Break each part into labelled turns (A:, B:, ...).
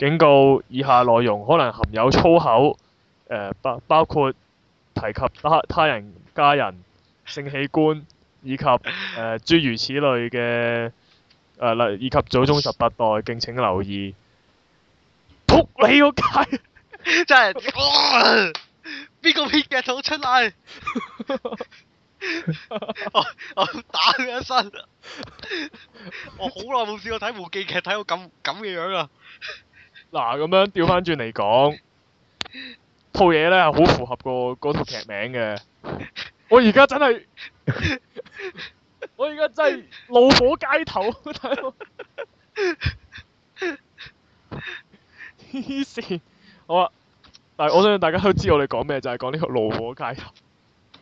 A: 警告以下內容可能含有粗口，呃、包括提及他，他人家人性器官以及誒、呃、諸如此類嘅，例、呃、以及祖宗十八代，敬請留意。
B: 撲你個街 真，真係，邊個編劇組出嚟？ 我打佢一身， 我好耐冇試過睇無記劇睇到咁咁嘅樣啦～
A: 嗱，咁樣調翻轉嚟講，套嘢咧係好符合個套劇名嘅。我而家真係， 我而家真係怒火街頭，睇我。黐線，好啊！但係我相信大家都知道我哋講咩，就係、是、講呢個怒火街頭。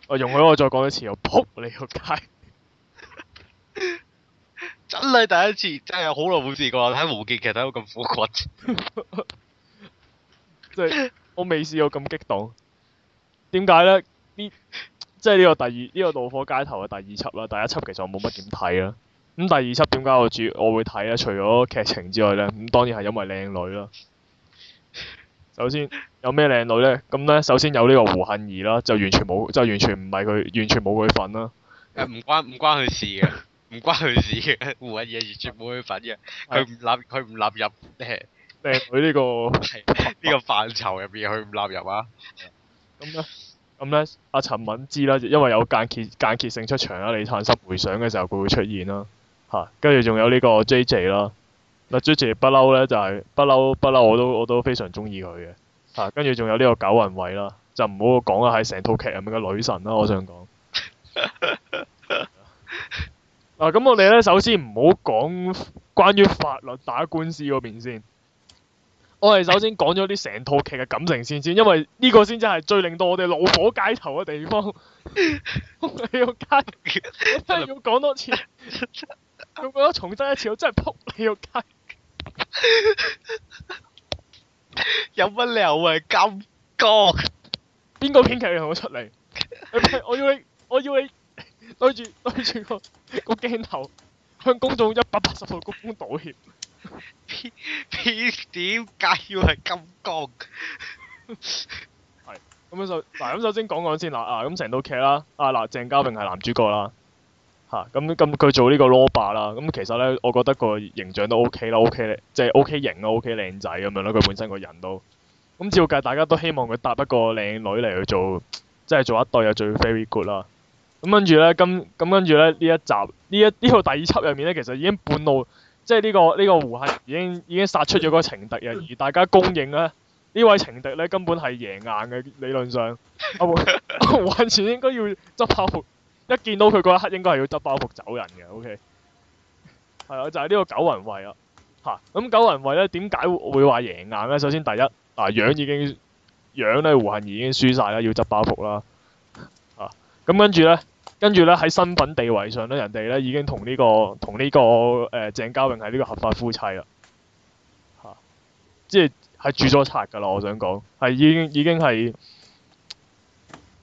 A: 我、啊、容許我再講一次，我撲你個街！
B: 真係第一次，真係好耐冇試過睇胡劇，睇到咁火滾，即係我未試過咁激動。
A: 點解咧？呢即係呢個第二呢個《怒火街頭》嘅第二輯啦。第一輯其實我冇乜點睇啦。咁第二輯點解我主我會睇咧？除咗劇情之外咧，咁當然係因為靚女啦。首先有咩靚女咧？咁咧，首先有呢個胡杏兒啦，就完全冇，就完全唔係佢，完全冇佢份啦。
B: 誒、啊，唔關唔關佢事嘅。 唔關佢事嘅，胡嘅嘢完全冇佢份嘅。佢唔納佢唔納入誒誒佢呢個呢個範疇入邊，佢唔納入啊。
A: 咁咧咁咧，阿陳敏之啦，因為有間歇間歇性出場啦，你燦失回想嘅時候佢會出現啦。吓，跟住仲有呢個 J J 啦，嗱 J J 不嬲咧就係不嬲不嬲我都我都非常中意佢嘅。吓，跟住仲有呢個九雲偉啦，就唔好講啦，係成套劇入面嘅女神啦，我想講。 嗱，咁我哋咧，首先唔好講關於法律打官司嗰邊先，我哋首先講咗啲成套劇嘅感情先先，因為呢個先至係最令到我哋怒火街頭嘅地方。仆你個街！真係要講多次，如果重新一次，我真係仆你個街。有乜理由咁講？邊個編劇你同我出嚟？我要你，我要你。對住對住個
B: 個鏡頭，向公眾一百八十度鞠躬道歉。P P 點解要係金剛？
A: 係咁樣首嗱，咁首先講講先嗱啊，咁成套劇啦，啊嗱，鄭嘉穎係男主角啦，吓咁咁佢做呢個羅拔啦，咁、嗯、其實咧，我覺得個形象都 O、OK、K 啦，O K 即係 O K 型咯，O K 靚仔咁樣咯，佢本身個人都咁、嗯、照計，大家都希望佢搭一個靚女嚟去做，即、就、係、是、做一對啊，最 very good 啦。咁跟住咧，咁咁跟住咧呢一集呢一呢套第二輯入面咧，其實已經半路，即係呢個呢個胡杏已經已經殺出咗個情敵啊！而大家公認咧，呢位情敵咧根本係贏硬嘅理論上，阿、 啊、胡杏兒應該要執包袱，一見到佢嗰一刻應該係要執包袱走人嘅。O K，係啊，就係呢個九雲位啊，嚇！咁九雲位咧點解會會話贏硬咧？首先第一，嗱、啊、樣已經樣咧胡杏兒已經輸晒啦，要執包袱啦。咁跟住呢，跟住呢，喺身份地位上呢，人哋呢已經同呢、這個同呢、這個誒、呃、鄭嘉穎係呢個合法夫妻啦、啊，即係係註咗冊噶啦。我想講係已經已經係，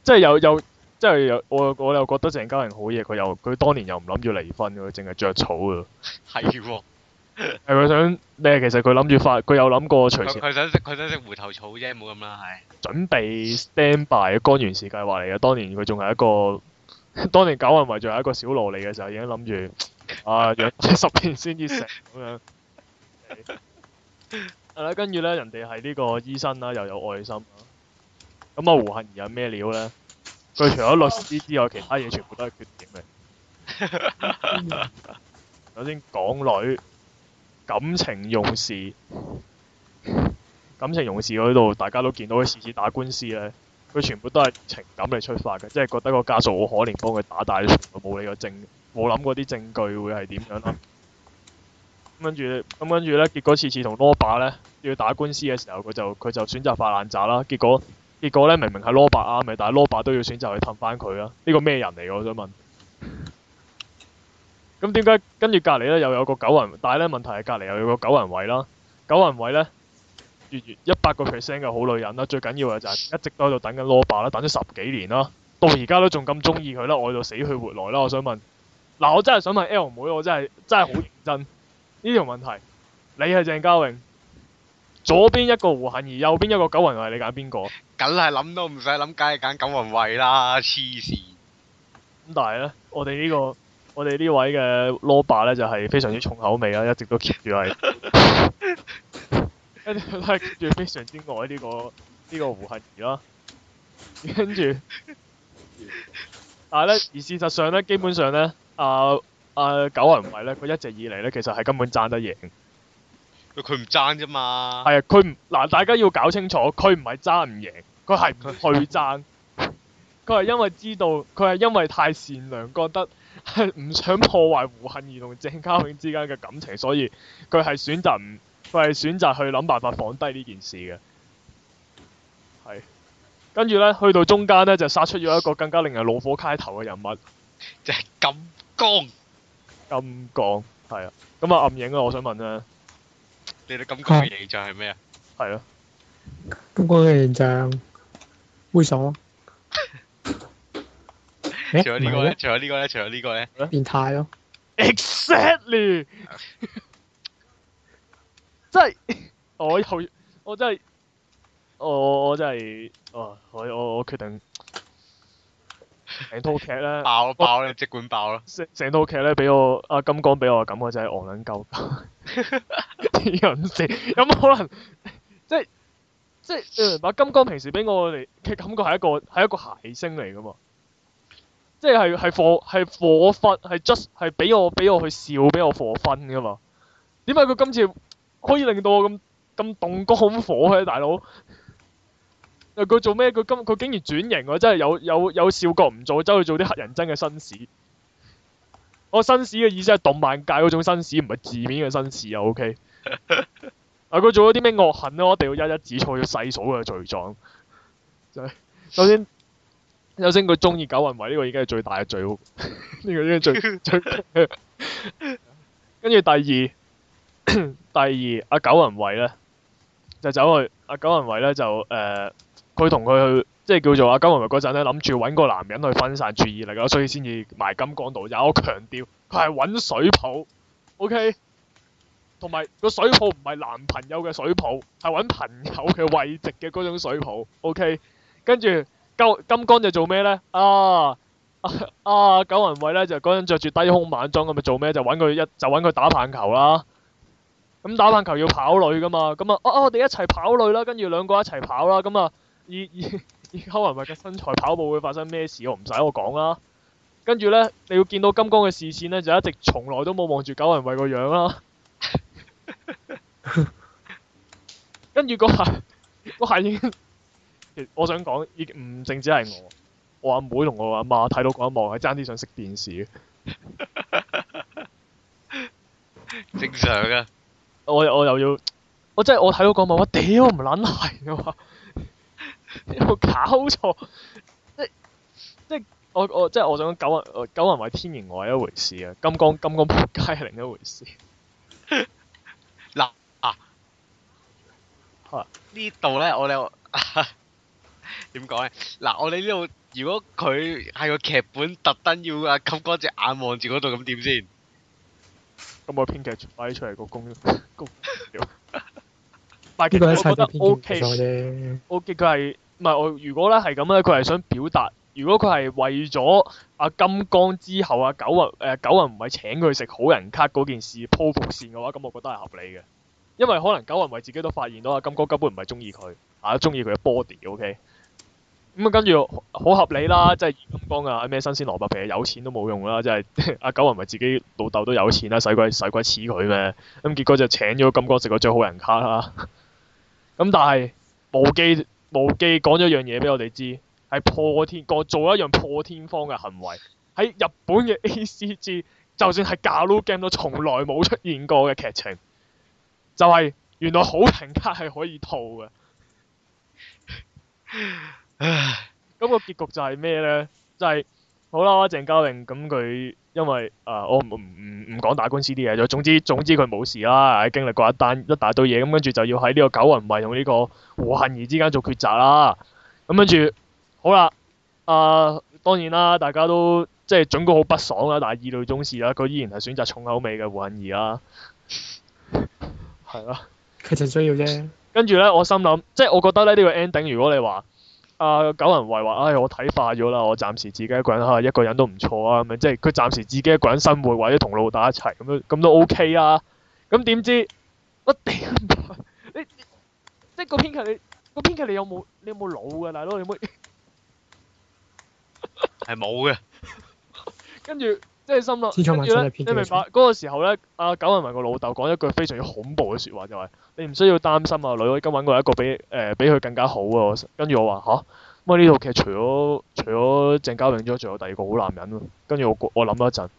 A: 即係又又即係又我我又覺得鄭嘉穎好嘢，佢又佢當年又唔諗住離婚嘅，淨係著草
B: 嘅。係喎。
A: 係佢想，誒，其實佢諗住發，佢有諗過隨時。佢
B: 想食，佢想食回頭草啫，冇咁啦，係。
A: 準備 standby 幹員是計劃嚟嘅，當年佢仲係一個，當年九雲慧仲係一個小蘿莉嘅時候，已經諗住啊，要十年先至成咁樣。係啦，跟住咧，人哋係呢個醫生啦，又有愛心。咁啊，胡杏兒有咩料咧？
B: 佢除咗律師
A: 之外，其他嘢全部都係缺點嘅。首先，港女。感情用事，感情用事嗰度大家都見到佢次次打官司呢，佢全部都係情感嚟出發嘅，即係覺得個家屬好可憐，幫佢打大，冇理個證，冇諗過啲證據會係點樣啦。跟住，咁跟住呢，結果次次同羅伯呢要打官司嘅時候，佢就佢就選擇發爛渣啦。結果，結果呢明明係羅伯啱咪，但係羅伯都要選擇去氹翻佢啊！呢個咩人嚟㗎？我想問。咁點解跟住隔籬咧又有個九雲？但係咧，問題係隔籬又有個九雲慧啦，九雲慧咧，月月一百個 percent 嘅好女人啦，最緊要嘅就係一直都喺度等緊羅爸啦，等咗十幾年啦，到而家都仲咁中意佢啦，愛到死去活來啦。我想問，嗱，我真係想問 L 妹，我真係真係好認真呢條問題，你係鄭嘉穎，左邊一個胡杏兒，右邊一個九雲慧，你揀邊個？
B: 梗係諗都唔使諗，梗係揀九雲慧啦，黐線！咁但係咧，我哋呢個。
A: 我哋呢位嘅羅伯咧，就係、是、非常之重口味啦，一直都 keep 住係，跟住 keep 住非常之愛呢個呢個胡杏兒啦。跟住，但係咧，而事實上咧，基本上咧，啊啊九雲慧咧，佢一直以嚟咧，其實係根本爭得贏，
B: 佢佢唔爭啫嘛。
A: 係啊，佢唔嗱，大家要搞清楚，佢唔係爭唔贏，佢係唔去爭，佢係 因為知道，佢係因為太善良，覺得。係唔 想破壞胡杏兒同鄭嘉穎之間嘅感情，所以佢係選擇唔佢係選擇去諗辦法放低呢件事嘅。係，跟住咧，去到中間咧就殺出咗一個更加令人老火開頭嘅人物，就係金剛。金剛係啊，咁啊暗影啊，我想問啊，你哋金
B: 剛嘅形象係咩啊？係
C: 咯，金剛嘅形象猥
B: 瑣。欸、除咗呢個咧，除咗呢個咧，除咗呢個咧，變態咯！Exactly， 真
A: 係我去，我真係，我我真係，哦，我我我決定
B: 成套劇咧爆爆啦，即 管爆啦！
A: 成套劇咧，俾我阿金剛俾我嘅感覺真係我撚夠，天人設有冇可能？即係即係，嗯，阿金剛平時俾我哋嘅感覺係一個係一個諧星嚟噶嘛？即係係 for 係 for fun 係 just 係俾我俾我去笑俾我 for fun 噶嘛？點解佢今次可以令到我咁咁動肝火嘅大佬？佢 做咩？佢今佢竟然轉型啊！真係有有有笑覺唔做，走去做啲黑人憎嘅紳士。我紳士嘅意思係動漫界嗰種紳士，唔係字面嘅紳士啊。O K。啊！佢做咗啲咩惡行啊？我一定要一一指出佢細數嘅罪狀。就係、是、首先。首先佢中意九雲慧呢個已經係最大嘅罪惡，呢、這個已經係最最，跟住 第二 第二阿九雲慧咧就走去阿九雲慧咧就誒，佢同佢去即係叫做阿九雲慧嗰陣咧諗住揾個男人去分散注意力啊，所以先至埋金光度。有我強調佢係揾水泡，OK，同埋個水泡唔係男朋友嘅水泡，係揾朋友嘅慰藉嘅嗰種水泡，OK，跟住。金金剛就做咩咧？啊啊！九雲慧咧就嗰陣著住低胸晚裝，咁咪做咩？就揾佢一就揾佢打棒球啦。咁打棒球要跑壘噶嘛？咁啊，哦哦，我哋一齊跑壘啦，跟住兩個一齊跑啦。咁啊，以以以九雲慧嘅身材跑步會發生咩事？我唔使我講啦。跟住咧，你要見到金剛嘅視線咧，就一直從來都冇望住九雲慧個樣啦。跟住個鞋個鞋已經。其實我想講，已唔淨止係我，我阿妹同我阿媽睇到嗰一幕，係爭啲想熄電視
B: 正常啊。
A: 我我又要，我真係我睇到嗰一幕，我屌唔撚係有冇搞錯，即係即係我我即係我想講九云，九云為天然我係一回事啊，金剛金剛撲街係另一回事。
B: 嗱 啊， 呢度咧我哋。 點講咧？嗱，我哋呢度如果佢喺個劇本特登要阿金哥隻眼望住嗰度，咁點先？
A: 咁我編劇擺出嚟個公公， 但係我覺得 O K O K，佢係唔係我？如果咧係咁咧，佢係想表達，如果佢係為咗阿金哥之後阿九雲誒、呃、九雲唔係請佢食好人卡嗰件事鋪伏線嘅話，咁我覺得係合理嘅。因為可能九雲為自己都發現到阿金哥根本唔係中意佢吓，中意佢嘅 body。O K。咁啊、嗯，跟住好合理啦，即係二金剛啊，咩新鮮蘿蔔皮啊，有錢都冇用啦，即係阿、啊、九雲咪自己老豆都有錢啦，使鬼使鬼黐佢咩？咁、嗯、結果就請咗金剛食個最好人卡啦。咁、嗯、但係無記無記講咗一樣嘢俾我哋知，係破天過做一樣破天荒嘅行為，喺日本嘅 ACG，就算係 Galgame 都從來冇出現過嘅劇情，就係、是、原來好人卡係可以套嘅。 唉，咁個結局就係咩呢？就係、是、好啦，鄭嘉穎咁佢因為啊、呃，我唔唔唔講打官司啲嘢咗，總之總之佢冇事啦，經歷過一單一大堆嘢，咁跟住就要喺呢個苟芸慧同呢個胡杏兒之間做抉擇啦。咁跟住好啦，啊、呃、當然啦，大家都即係總覺得好不爽啦，但係意料中事啦，佢依然係選擇重口味嘅胡杏兒啦。係咯，
C: 佢就需要啫。
A: 跟住咧，我心諗，即係我覺得咧呢個 ending，如果你話。啊！Uh, 九人衞話，唉、哎，我睇化咗啦，我暫時自己一個人嚇，一個人都唔錯啊，咁樣即係佢暫時自己一個人生活，或者同老豆一齊咁樣，咁都 OK 啊。咁點知，我、啊、頂你！即係、就是、個編劇你，個編劇你有冇你有冇腦㗎，大佬你會 ？
B: 係冇嘅。
A: 跟住。即係心諗，你明白嗰個時候咧？阿、啊、九文文個老豆講一句非常之恐怖嘅説話、就是，就係你唔需要擔心啊，女，我而家揾過一個比誒、呃、比佢更加好啊！跟住我話吓？咁啊呢套劇除咗除咗鄭嘉穎之外，仲有第二個好男人喎！跟住我我諗咗一陣，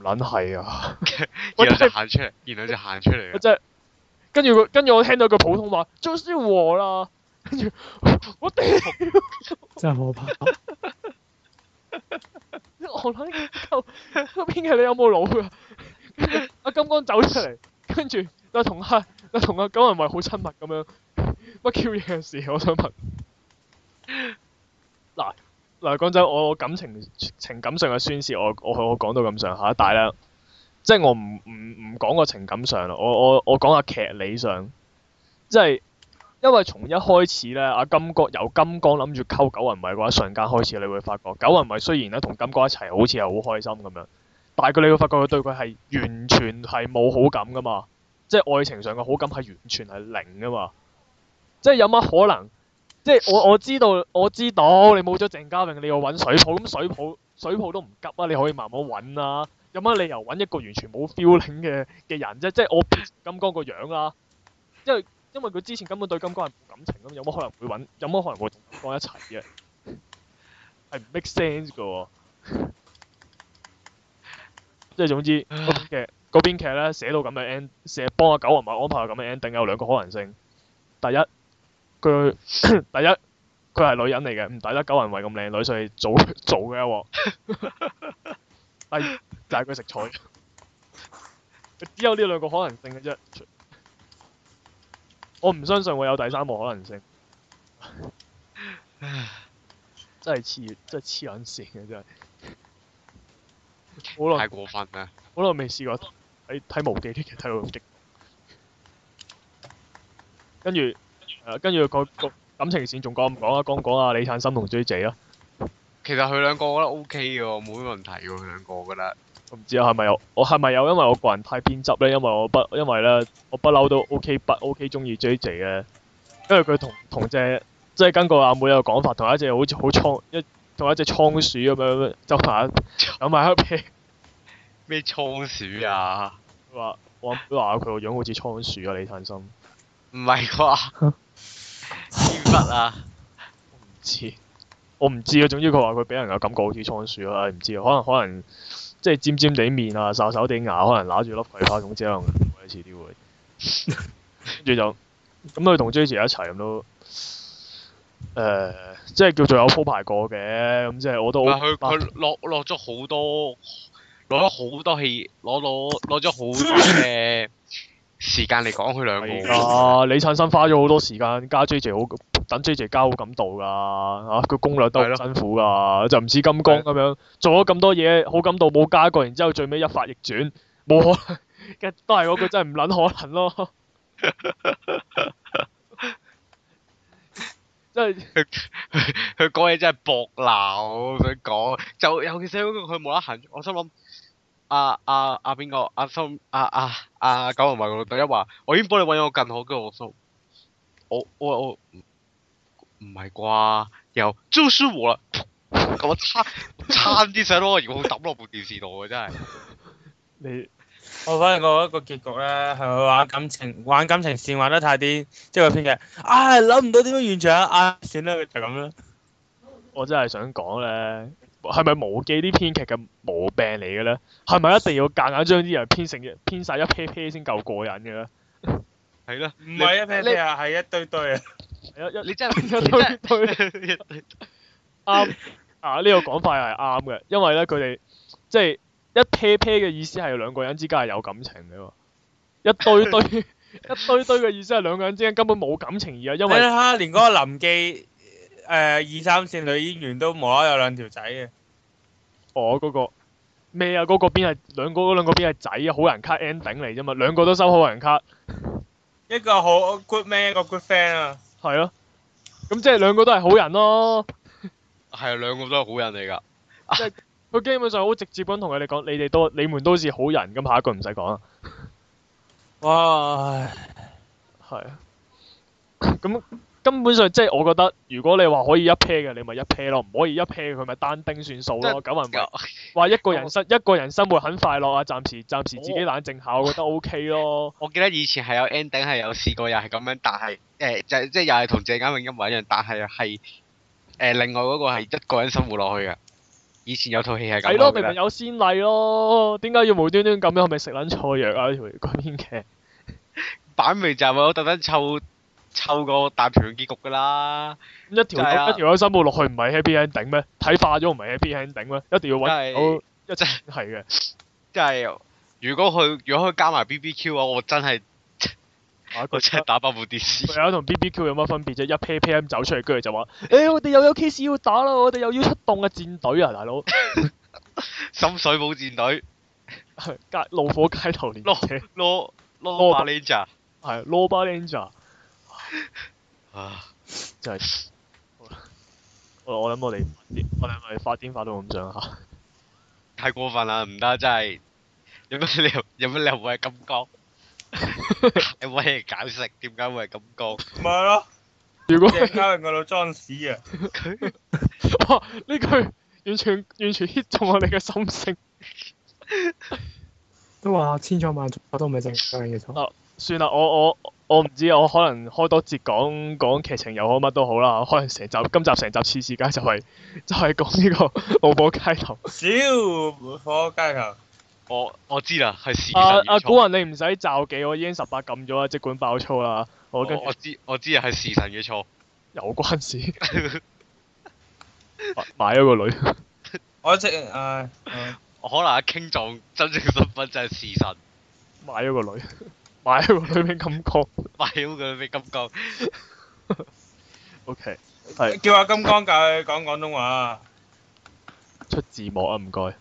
A: 唔撚係啊！然 後就行出嚟，然後就行出嚟。 跟住跟住我，我聽到句普通話，終於我啦！跟住我頂，
B: 真係好怕。
A: 我諗嘅，嗰邊嘅你有冇腦㗎？阿 金剛走出嚟，跟住又同阿又同阿九云慧好親密咁樣，乜 Q 嘢事？我想問。嗱 嗱，講真，我感情情感上嘅宣泄，我我我講到咁上下，但係咧，即係我唔唔唔講個情感上咯，我我我講下劇理上，即係。因為從一開始咧，阿金哥由金剛諗住溝九云慧嘅話，瞬間開始你會發覺，九云慧雖然咧同金剛一齊好似係好開心咁樣，但係佢你會發覺佢對佢係完全係冇好感噶嘛，即係愛情上嘅好感係完全係零噶嘛，即係有乜可能？即係我我知道我知道，你冇咗鄭嘉穎，你要揾水泡，咁水泡水泡都唔急啊，你可以慢慢揾啊，有乜理由揾一個完全冇 feeling 嘅嘅人啫？即係我金剛個樣啦，因為。因為佢之前根本對金剛係冇感情咁，有乜可能會揾，有乜可能會同金剛一齊嘅，係唔 make sense 噶。即係總之，嘅嗰編劇咧寫到咁嘅 end，寫幫阿九雲慧安排咁嘅 ending 有兩個可能性。第一，佢第一佢係女人嚟嘅，唔抵得九雲為咁靚女，所以做做嘅一鑊。第二就係佢食菜。只有呢兩個可能性嘅啫。我唔相信會有第三個可能性，真係黐，真係黐撚線嘅真係。好耐，太過分啦！好耐未試過睇睇無記啲劇睇到極。跟住，誒跟住個個感情線仲講唔講啊？講講啊，李燦森同 J 仔啊。
B: 其實佢兩個我覺得 O K 嘅喎，冇咩問題嘅喎，佢兩個我覺得。我唔知啊，
A: 係咪有？我係咪有？因為我個人太偏執咧，因為我不因為咧我不嬲都 O K 不 O K 中意 J J 嘅，因為佢、OK, okay, 同同隻即係根據阿妹嘅講法，同一隻好似好倉一同一隻倉鼠咁樣，樣，就話有埋一 pair
B: 咩倉鼠啊？佢話
A: 話佢個樣好似倉鼠啊，李燦森
B: 唔係啩？黐筆 啊！唔知
A: 我唔知啊，總之佢話佢俾人嘅感覺好似倉鼠啊，唔知啊，可能可能。即係尖尖地面啊，哨手頂牙，可能拿住粒葵花筒之後，好似啲會，跟住就咁佢同 J J 一齊咁都，誒、呃，即係叫做有鋪
B: 排過嘅，咁即係我都。佢、啊、落，落，落，落落咗好多，攞咗好多戲，攞攞攞咗好多嘅時間嚟講佢兩個。係啊
A: 的，李燦生花咗好多時間加 J J 好。等 JJ 好感度噶，嚇佢攻略都好辛苦噶，就唔似金剛咁樣做咗咁多嘢，好感度冇加過，然之後最尾一發逆轉，冇可能，都係嗰句真係唔撚可能咯。
B: 即係佢講嘢真係搏鬧，想講就尤其是嗰個佢冇得閒，我心諗阿阿阿邊個阿叔阿阿阿九龍話老豆一話，我已經幫你揾咗個更好嘅我叔，我我我。唔係啩又舒服啦，咁我差差啲想攞，如果我抌落部電視度嘅真係。
C: 你我反正我一個結局咧，係咪玩感情玩感情線玩得太啲，即係個編劇啊諗唔到點樣完場啊，算啦就咁啦。
A: 我真係想講咧，係咪無記啲編劇嘅毛病嚟嘅咧？係咪一定要夾硬將啲嘢編成編晒一 pair pair 先夠過癮嘅咧？係咯，
C: 唔係一 pair pair 啊，係一堆堆啊。
A: 你真係一堆堆，啱啊！呢個講法係啱嘅，因為咧佢哋即係一 pair 嘅意思係兩個人之間係有感情嘅，一堆堆一堆堆嘅意思係
C: 兩個人之間根本冇感情而家，因為吓連嗰個林記誒、呃、二三線女演員都冇啦有兩條仔嘅，
A: 我嗰、哦嗰個咩啊？嗰、嗰個邊係兩個嗰兩、嗰個邊係仔啊？好人卡 ending 嚟啫嘛，兩個都收好人卡，
C: 一個好
B: good man，一個 good friend 啊！
A: 係咯，咁即係兩個都係好人咯。
B: 係 啊，兩個都係好人嚟㗎。即
A: 係佢基本上好直接咁同佢哋講，你哋都、你們都似好人，咁下一句唔使講啦。哇唉，係啊，咁、嗯 嗯。根本上即係、就是、我覺得，如果你話可以一 pair 嘅，你咪一 pair 咯；唔可以一 pair 佢咪單丁算數咯。咁又唔夠話一個人生、哦、一個人生活很快樂
B: 啊！暫時暫時自己冷靜下，哦、我覺得 OK 咯。我記得以前係有 ending 係有試過又係咁樣，但係誒就即係又係同鄭嘉穎一樣一樣，但係係誒另外嗰個係一個人生活落去嘅。以前有套戲係咁樣係咯，的明明
A: 有先例咯，點解要無端端咁樣？係咪食撚錯藥啊？呢條片嘅
B: 擺明就係好特登抽。抽個大團結局噶啦、啊一！一條一條
A: 海深布落去唔係 happy ending 咩？睇化咗唔係 happy ending 咩？一定要揾好
B: 一隻係嘅，即係如果佢如果佢加埋 BBQ 啊，我真係、啊、我真係他打爆部電視。
A: 仲有同 BBQ 有乜分別啫？一 pair pair 咁走出嚟，跟住就話：誒、欸、我哋又有 case 要打啦！我哋又要出動嘅戰隊啊，大佬！ 深水埗戰隊，怒 火街頭連車，攞攞攞把雷炸，係攞巴啊！ 唉 真係我我諗我
B: 哋我哋咪發展發到咁上下，太過分啦！唔得，真係有乜理由，有乜理由會係咁講？有乜嘢解釋？點解會係咁講？
C: 咪咯！如果你人我度裝屎啊！
A: 佢呢 是句完全完全,全 hit 中我哋嘅心聲， 都話千錯萬錯都唔係鄭嘉穎嘅錯。 算啦，我我。我我我唔知，我可能開多節講講劇情又好，乜都好啦。可能成集今集成集次次皆就係、是、就係講呢個怒火，火街頭。
C: 少火街頭。我
B: 我知啦，係時神阿、啊啊、古
A: 人你唔使咒忌，我已經十八禁咗啦，即管爆粗啦。我我，我，我
B: 知我知係時神嘅錯。有
A: 關事、 啊。買咗個女。
B: 我一直、啊嗯、我可能一傾狀，真正身份就係時神。買咗個女。擺喺佢裏面金剛，擺喺佢裏面金剛
A: okay, 是。OK，係
B: 叫阿金剛教佢講，講廣
C: 東話
A: 出字幕啊，唔該。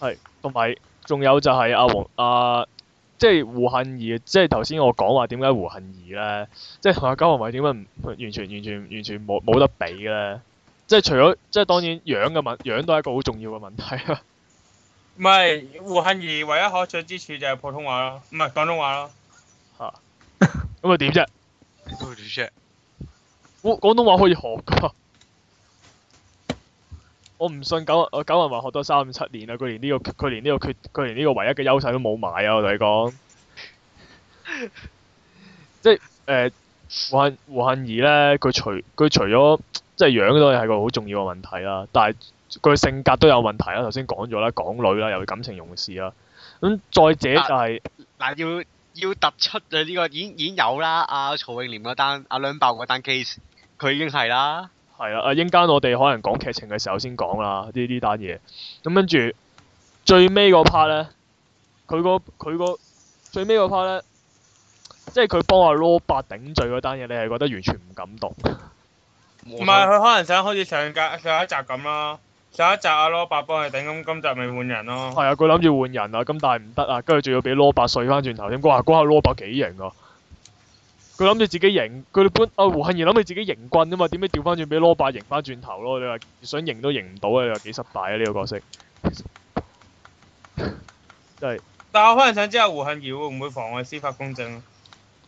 A: 係， 同埋仲有就係、啊啊就是就是就是、阿黃阿，即係胡杏兒，即係頭先我講話點解胡杏兒咧，即係同阿金漢偉點解唔完全完全完全冇冇得比咧，即、就、係、是、除咗即係當然樣嘅問，樣都係一個好重要嘅問題啦、啊。
C: 唔係胡杏兒唯一可取之處就係普通話咯，唔係廣東話咯。嚇！
A: 咁佢點啫？佢點啫？我廣東話可以學噶。 我唔信九啊九雲華學多三五七年啦，佢連呢個佢連呢個缺佢連呢個唯一嘅優勢都冇埋啊！我同你講、 呃。即係誒胡杏胡杏兒咧，佢除佢除咗即係樣都係係個好重要嘅問題啦，但係。佢性格都有問題啦。頭先講咗啦，港女啦，又感情用事啦。咁再者就係
B: 嗱，啊，要要突出嘅呢個已已經有啦。阿曹永廉嗰單，阿兩爆嗰單 case，佢已經係啦。
A: 係啊，一陣間，我哋可能講劇情嘅時候先講啦。呢呢單嘢咁跟住最尾嗰 part 咧，佢個佢個最尾嗰 part 咧，即係佢幫阿羅伯頂罪嗰單嘢，你係覺得完全唔感動？
C: 唔係佢可能想好似上架上一集咁啦。上一集阿羅伯幫佢頂，咁今集咪換人咯。
A: 係啊，佢諗住換人啊，咁但係唔得啊，跟住仲要俾羅伯碎翻轉頭添。嗰下嗰下羅伯幾型啊！佢諗住自己型，佢本啊胡杏兒諗住自己型棍啊嘛，點解調翻轉俾羅伯型翻轉頭咯？你話想型都型唔到啊！你話幾失敗啊？呢、呢個角色 真
C: 係是。但我可能想知下胡杏兒會唔會妨礙司法公正、啊。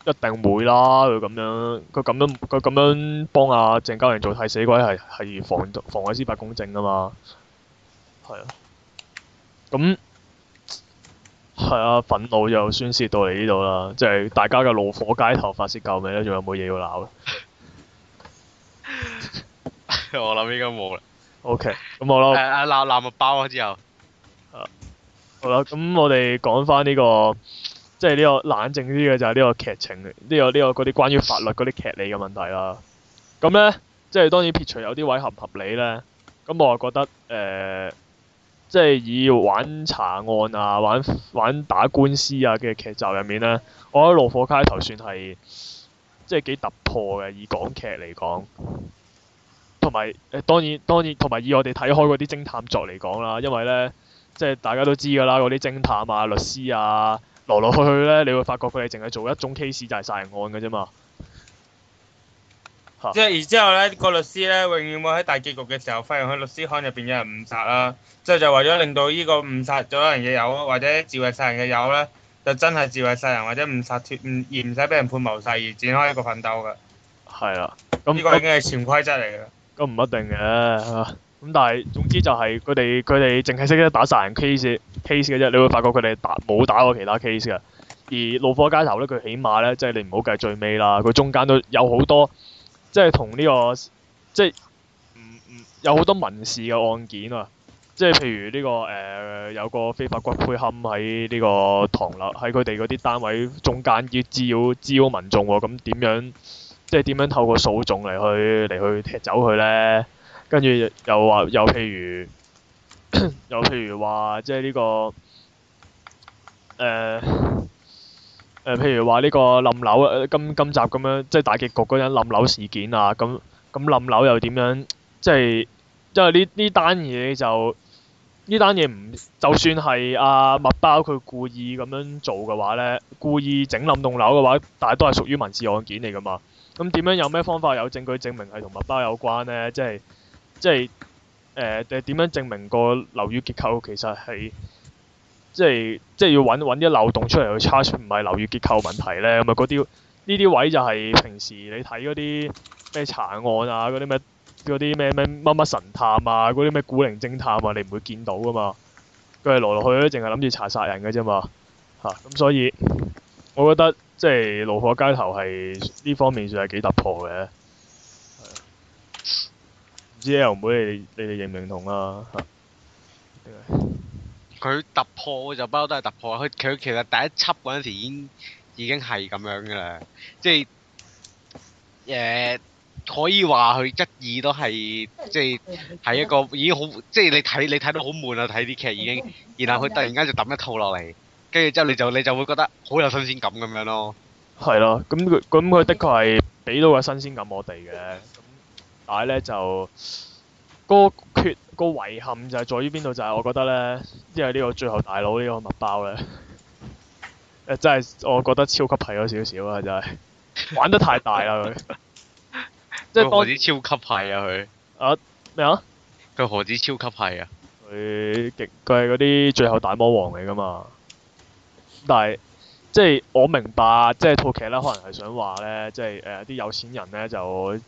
A: 一定會啦！佢咁樣，佢咁樣，佢咁樣幫阿、啊、鄭嘉穎做替死鬼，係係防妨礙司法公正噶嘛？係啊。咁係啊，憤怒又宣泄到嚟呢度啦，即係大家嘅怒火街頭發泄夠未咧？仲有冇嘢要鬧咧？
B: 我諗應該冇啦。
A: OK，咁我咧。誒誒、
B: 啊，鬧鬧物包咗之後、
A: 啊。好啦，咁我哋講返呢個。即係呢個冷靜啲嘅就係呢個劇情，呢個呢個嗰啲關於法律嗰啲劇理嘅問題啦。咁呢，即係當然撇除有啲位合唔合理呢，咁我係覺得誒、呃，即係以玩查案啊、玩玩打官司啊嘅劇集入面呢，我覺得《怒火街頭》算係即係幾突破嘅，以港劇嚟講。同埋誒，當然當然，同埋以我哋睇開嗰啲偵探作嚟講啦，因為呢，即係大家都知㗎啦，嗰啲偵探啊、律師啊。來來去去咧，你會發覺佢哋淨係做一種 case 就係殺人案嘅啫嘛。
C: 吓，即係然之後咧，個律師咧永遠會喺大結局嘅時候，發現喺律師行入邊有人誤殺啦。即係就為咗令到呢個誤殺咗人嘅友或者自衛殺人嘅友咧，就真係自衛殺人或者誤殺脱而唔使俾人判謀殺而展開一個奮鬥嘅。係啦，咁呢個已經係潛規則嚟嘅。
A: 咁唔一定嘅。咁但係總之就係佢哋佢哋淨係識得打殺人 case case 嘅啫，你會發覺佢哋打冇打過其他 case 嘅。而怒火街頭咧，佢起碼咧即係你唔好計最尾啦，佢中間都有好多即係、就是、同呢、這個即係、就是嗯嗯、有好多民事嘅案件啊！即、就、係、是、譬如呢、這個誒、呃、有個非法骨灰龕喺呢個唐樓喺佢哋嗰啲單位中間要滋擾民眾喎、啊，咁點樣即係點樣透過訴訟嚟去嚟去踢走佢呢？跟住又話又譬如又譬如話，即係呢個誒誒，譬、呃呃、如話呢、呢個冧樓誒，今今集咁樣即係、就是、大結局嗰陣冧樓事件啊，咁咁冧樓又點樣？即係因為呢呢單嘢就呢單嘢唔就算係阿、啊、麥包佢故意咁樣做嘅話咧，故意整冧棟樓嘅話，大都係屬於民事案件嚟噶嘛。咁、嗯、點樣有咩方法有證據證明係同麥包有關呢？即、就、係、是。即係誒誒，點樣證明個樓宇結構其實係，即係即係要揾揾啲漏洞出嚟去 charge 唔係樓宇結構問題呢。咁啊！嗰啲呢啲位就係平時你睇嗰啲咩查案啊，嗰啲咩嗰啲咩咩乜乜神探啊，嗰啲咩古靈偵探啊，你唔會見到噶嘛，佢係來來去去淨係諗住查殺人嘅啫嘛嚇咁，啊、所以我覺得即係怒火街頭係呢方面算係幾突破嘅。知妹你哋認唔認同啊？
B: 佢突破就不嬲都係突破。佢佢其實第一輯嗰陣時已經已經係咁樣噶啦，即係誒、yeah, 可以話佢一二都係即係係一個已經好，即係你睇你睇到好悶啊！睇啲劇已經，然後佢突然間就揼一套落嚟，跟住之後你就你就會覺得好有新鮮感咁樣咯。係
A: 咯，咁佢咁佢的確係
B: 俾到個新鮮感我哋嘅。但係咧就、
A: 那個缺、那個遺憾就係在於邊度就係、是、我覺得咧，因為呢個最後大佬呢個麥包咧誒真係我覺得超級派咗少少啊，真係
B: 玩得太大啦佢，即係 當何止超級派啊佢啊咩啊？佢、啊、何止超級派啊？
A: 佢極佢係嗰啲最後大魔王嚟噶嘛？但係。即係我明白，即係套劇咧，可能係想話咧，即係誒啲有錢人咧，就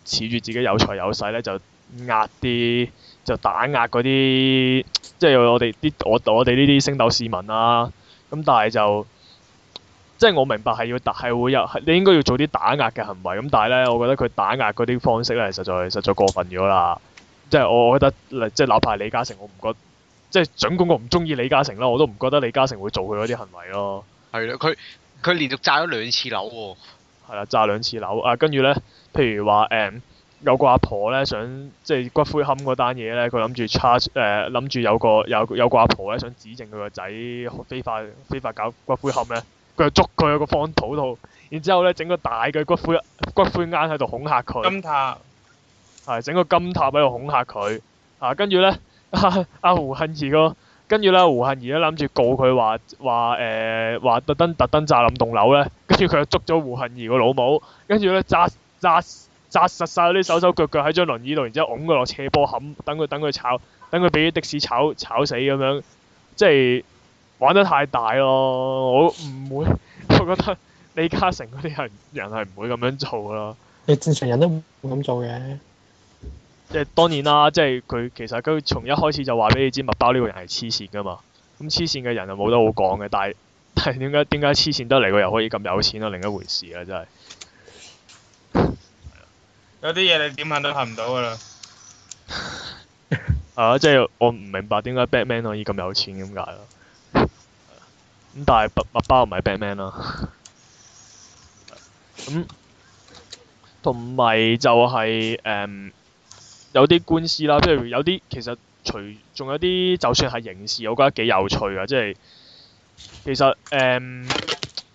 A: 恃住自己有財有勢咧，就壓啲，就打壓嗰啲，即係我哋啲我我哋呢啲星斗市民啦、啊。咁但係就，即係我明白係要打係會有，你應該要做啲打壓嘅行為，咁但係咧，我覺得佢打壓嗰啲方式咧，實在實在過分咗啦。即係我覺得，即係哪怕李嘉誠，我唔覺，即係儘管我唔中意李嘉誠啦，我都唔覺得李嘉誠會做佢嗰啲行為咯。
B: 係啦，佢佢連續炸咗兩次樓
A: 喎。係啦，炸兩次樓啊，跟住咧，譬如話誒、嗯，有個阿婆咧想即係、就是、骨灰龕嗰單嘢咧，佢諗住 cha 諗住有個有有個阿婆咧想指證佢個仔非法非法搞骨灰龕咧，佢就捉佢喺個方土度。然之後咧，整個大嘅骨灰骨灰龕喺度恐嚇佢。金塔。係整個金塔喺度恐嚇佢，啊跟住咧阿胡慶馳個。跟住咧，胡杏兒都諗住告佢話，話誒話特登特登炸冧棟樓咧，跟住佢就捉咗胡杏兒個老母，跟住咧紮紮紮實曬啲手手腳腳喺張輪椅度，然之後㧬佢落斜坡冚，等佢等佢炒，等佢俾啲的士炒炒死咁樣，即係玩得太大咯！我唔會， 我覺得李嘉誠嗰啲人人係唔會咁樣做噶咯。
B: 你正常人都唔會咁做嘅。
A: 即係當然啦，即係佢其實佢從一開始就話俾你知麥包呢個人係黐線噶嘛。咁黐線嘅人就冇得好講嘅，但係但係點解點解黐線得嚟佢又可以咁有錢啊？另一回事啊，真係。
C: 有啲嘢你點問都問唔到噶啦。
A: 啊，即係我唔明白點解 Batman 可以咁有錢點解咯。咁、 嗯、但係麥包唔係 Batman 啦、啊。咁同埋就係、是、誒。嗯有啲官司啦，即係有啲其實除仲有啲，就算係刑事，我覺得幾有趣噶，sta, venant we, rather, aside, 即係其實誒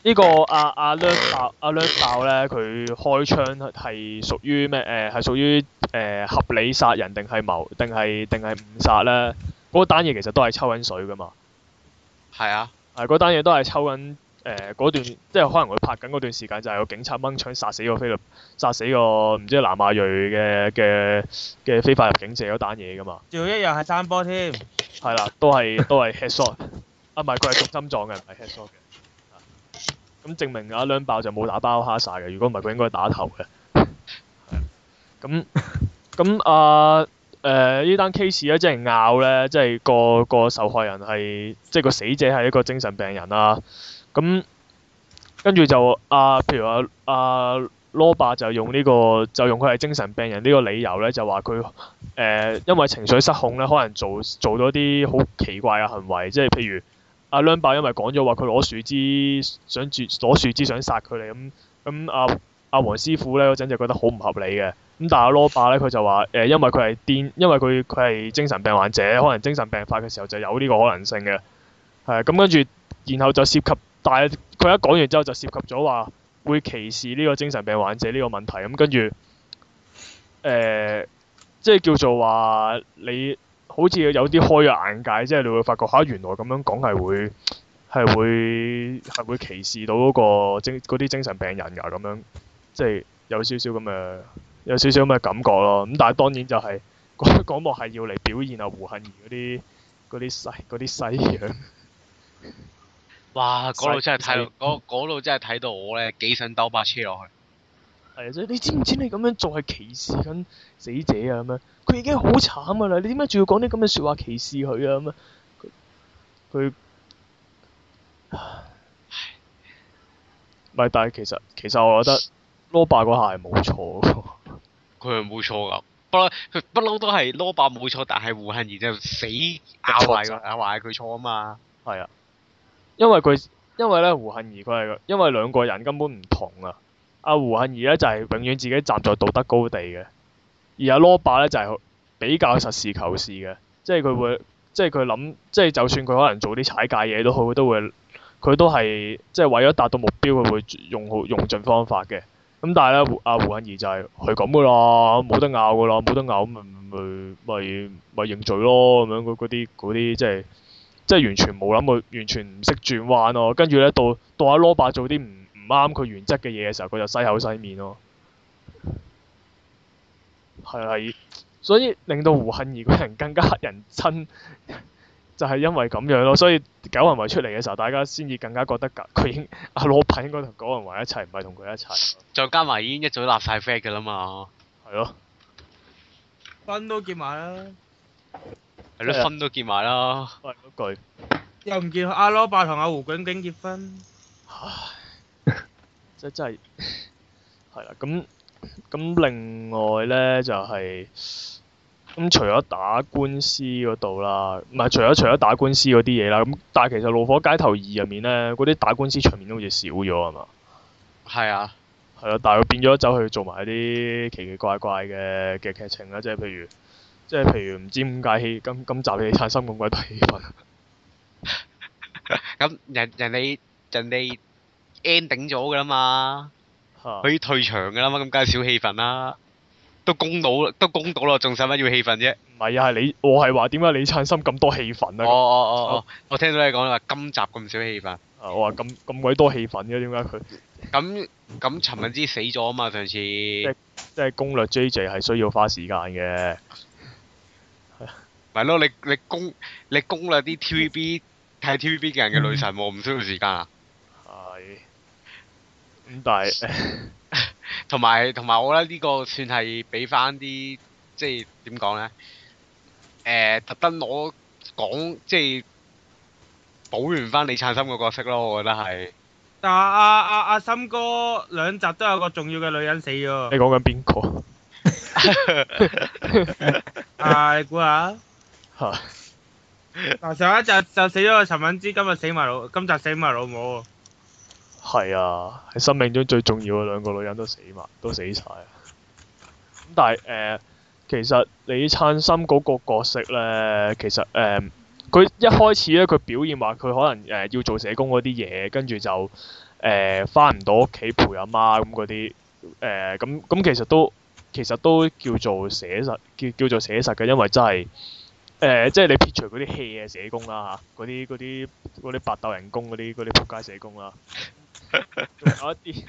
A: 呢個阿阿 Lawyer 阿 Lawyer 咧，佢開槍係屬於咩？誒係屬於誒合理殺人定係謀定係定係誤殺咧？嗰單嘢其實都係抽緊水噶嘛。
B: 係啊，
A: 係嗰單嘢都係抽緊。誒嗰，呃、段即係可能會拍緊嗰段時間，就係個警察掹槍殺死個菲律，殺死個唔知南亞裔嘅嘅嘅非法入境者嗰單嘢㗎嘛。
C: 仲要一樣係山波添。係啦，都係都係 headshot， 啊
A: head。啊，唔係佢係中心臟嘅，唔係 headshot 嘅。咁證明阿兩爆就冇打爆哈薩嘅。如果唔係佢應該打頭嘅。咁咁阿誒呢單 case 咧，即係拗咧，即係個個受害人係即係個死者係一個精神病人啦，啊。咁、嗯，跟住就阿、啊、譬如阿、啊、阿、啊、羅伯就用呢、這個就用佢係精神病人呢個理由咧，就話佢誒因為情緒失控咧，可能做做咗啲好奇怪嘅行為，即係譬如阿梁、啊、伯因為講咗話佢攞樹枝想住攞樹枝想殺佢哋咁，咁阿阿黃師傅咧嗰陣就覺得好唔合理嘅，咁但係、啊、阿羅伯咧佢就話誒因為佢係癲，因為佢佢係精神病患者，可能精神病發嘅時候就有呢個可能性嘅，係、嗯、咁、嗯、跟住然後就涉及。但係佢一講完之後就涉及咗話會歧視呢個精神病患者呢個問題，咁跟住誒，即係叫做話你好似有啲開眼界，即係你會發覺嚇原來咁樣講係會係會係會歧視到嗰個精嗰啲精神病人㗎咁樣，即係有少少咁嘅有少少咁嘅感覺咯。咁但係當然就係嗰幕係要嚟表現阿胡杏兒嗰啲嗰啲西嗰啲西樣。
B: 哇！嗰度真係睇，嗰嗰度真係睇到我咧，幾想兜巴車落去。
A: 係啊，所以你知唔知你咁樣仲係歧視緊死者啊？咁樣佢已經好慘噶啦，你點解仲要講啲咁嘅説話歧視佢啊？咁樣，佢，唉，咪唉但係其實其實我覺得羅伯個下係冇錯。佢
B: 係冇錯噶，不嬲，佢不嬲都係羅伯冇錯，但係胡杏兒就死拗埋個，話佢錯啊嘛，係啊。
A: 因為佢，因為咧胡杏兒佢係，因為兩個人根本唔同啊。阿、啊、胡杏兒咧就係、是、永遠自己站在道德高地嘅，而阿、啊、羅拔咧就係、是、比較實事求是嘅，即係佢會，即係佢諗，即係就算佢可能做啲踩界嘢都好，都會，佢都係即係為咗達到目標，佢會用好用盡方法嘅。咁但係咧阿胡杏兒、啊、就係佢咁噶啦，冇得拗噶啦，冇得拗咪咪咪咪認罪咯，咁樣佢嗰啲嗰啲即係。即係完全冇諗過，完全唔識轉彎咯。跟住咧，到到阿羅伯做啲唔唔啱佢原則嘅嘢嘅時候，佢就西口西面咯。係啊，所以令到胡杏兒個人更加乞人憎，就係、是、因為咁樣咯。所以九雲慧出嚟嘅時候，大家先至更加覺得佢應阿羅伯應該同九雲慧一齊，唔係同佢一
B: 齊。再加埋已經，一早甩曬飛㗎啦嘛。係咯的。分
C: 都結埋啦。
B: 係咯，婚、啊、都結埋啦。喂、哎，嗰句。
C: 又唔見阿羅伯同阿胡景景結婚。唉， 真
A: 真係。係啦，咁咁另外咧就係、是、咁除咗打官司嗰度啦，唔係除咗除咗打官司嗰啲嘢啦，咁但係其實《怒火街頭二》入面咧，嗰啲打官司場面都好似少咗啊嘛？係啊。係啊的。但係佢變咗走去做埋啲奇奇怪怪嘅嘅劇情啦，即係譬如。即係譬如唔知點解起今今集李燦森咁鬼多戲份？
B: 咁人人哋人哋 ending 咗噶啦嘛，佢退場噶啦嘛，咁梗係少戲份啦。都攻到都攻到咯，仲使乜要戲份啫？唔係啊，係你我係話點
A: 解李燦森咁多戲份
B: 啊？哦哦哦哦，我聽到你講啦，今集咁少戲份。啊，我話咁咁鬼多戲份嘅點解佢？咁咁陳敏之死咗啊嘛？上次即
A: 即係攻略 JJ 係需要花時間嘅。
B: 咪咯，你你攻你攻嗱啲 TVB 睇 TVB 嘅人嘅女神喎，唔需要時間啊。係。咁但係，同埋同埋，我覺得呢個算係俾翻啲，即係點講咧？誒，特登攞講，即係補完翻李燦森個角色咯，我覺得係。
C: 但係阿阿阿森哥兩集都有個重要嘅女人死咗。你講緊邊個？啊，你估下？啊！嗱，上一集就死咗個陳敏之，今日死埋老，今集死埋老母喎。係
A: 啊，喺生命中最重要嘅兩個女人都死埋，都死晒。咁但係誒，其實李燦森嗰個角色咧，其實誒，佢一開始咧，佢表現話佢可能誒要做社工嗰啲嘢，跟住就誒返唔到屋企陪阿媽咁嗰啲。誒，咁咁其實都其實都叫做寫實，叫叫做寫實嘅，因為真係。誒、呃，即係你撇除嗰啲 hea 嘅社工啦，嚇、啊，嗰啲嗰啲啲白鬥人工嗰啲啲仆街社工啦，仲、嗯、有一啲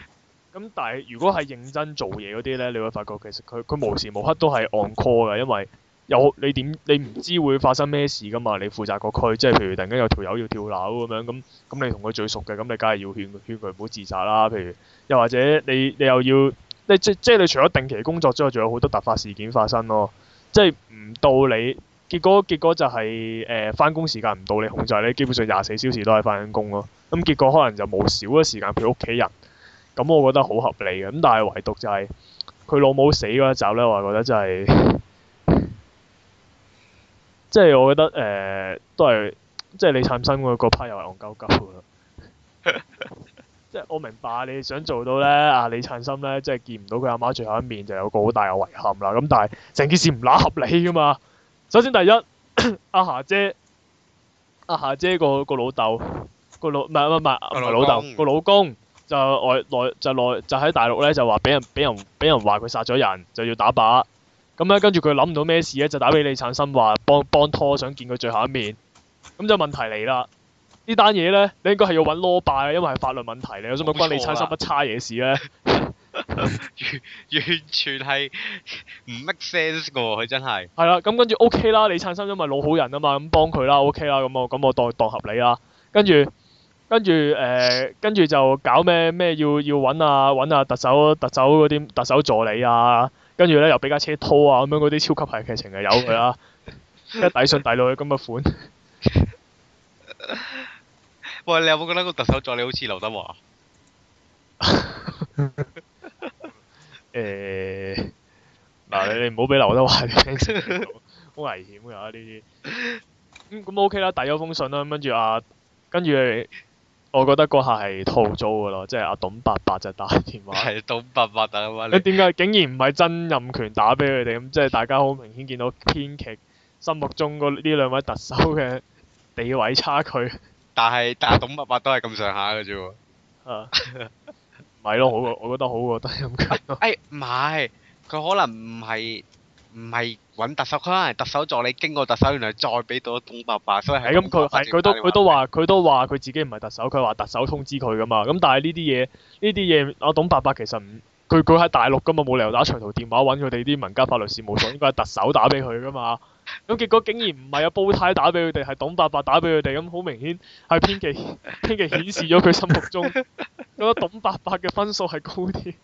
A: 咁。但係如果係認真做嘢嗰啲咧，你會發覺其實佢佢無時無刻都係 on call 嘅，因為有你點你唔知會發生咩事噶嘛。你負責個區，即係譬如突然間有條友要跳樓咁樣咁咁，你同佢最熟嘅咁，你梗係要勸勸佢唔好自殺啦。譬如又或者你你又要你即即係你除咗定期工作之外，仲有好多突發事件發生咯，即係唔到你。結果結果就係、是、誒，翻、呃、工時間唔到你控制咧，基本上廿四小時都係翻緊工咯。咁、嗯、結果可能就冇少嘅時間陪屋企人。咁、嗯、我覺得好合理嘅，咁、嗯、但係唯獨就係佢老母死嗰一集咧，我係覺得真係，即係我覺得誒、就是就是呃，都係即係李燦森嗰嗰 part 又係戇鳩鳩。即係我明白你想做到咧，阿、啊、李燦森咧，即、就、係、是、見唔到佢阿媽最後一面就有個好大嘅遺憾啦。咁、嗯、但係成件事唔乸合理噶嘛。首先第一，阿、啊、霞姐，阿、啊、霞姐個個、啊、老豆，個老唔係唔唔係老豆公，個老公就外外就外就喺大陸咧，就話俾人俾人俾人話佢殺咗人，就要打靶。咁、嗯、咧跟住佢諗唔到咩事咧，就打俾李燦森話幫幫拖想見佢最後一面。咁、嗯、就問題嚟啦，呢單嘢咧，你應該係要揾 lawyer 因為係法律問題咧，有冇關李？你燦森乜叉嘢事咧？
B: 完 完全係唔 make sense 噶，佢真係。
A: 係啦，咁跟住 OK 啦，李燦心因為老好人啊嘛，咁幫佢啦，OK 啦，咁我咁我當當合理啦。跟住跟住誒，跟住、呃、就搞咩咩要要搵啊搵啊特首特首嗰啲特首助理啊，跟住咧又俾架車拖啊咁樣嗰啲超級係劇情嘅，有佢啦。一 底信底到去咁嘅款。
B: 喂，你有冇覺得個特首助理好似劉德華？
A: 誒，嗱、欸、你劉你唔好俾劉德華聽先，好危險噶呢啲。咁咁 OK 啦，遞咗封信啦，跟住啊，跟住，我覺得嗰下係套租噶咯，即、就、係、是、阿董伯伯，伯就打電話。係、
B: 啊、董伯伯打電話。你點解
A: 竟然唔係曾蔭權打俾佢哋？咁即係大家好明顯見到編劇心目中嗰呢兩位特首嘅地位差距。
B: 但係但係董伯伯都係咁上下嘅啫喎。啊 咪咯，好喎，係咪？我覺得好喎，得咁強咯。哎，唔係，佢可能唔係唔係揾特首，佢可能係特首助理經過特首，原來再俾到董伯伯。所以係咁，佢係佢都佢都話
A: 佢都話佢自己唔係特首，佢話特首通知佢㗎嘛。咁但係呢啲嘢呢啲嘢，阿董伯伯其實唔。佢佢喺大陸噶嘛，冇理由打長途電話揾佢哋啲民間法律事務所，應該係特首打俾佢噶嘛。咁結果竟然唔係阿煲呔打俾佢哋，係董伯伯打俾佢哋，咁、嗯、好明顯係編劇編劇顯示咗佢心目中嗰個董伯伯嘅分數係高啲。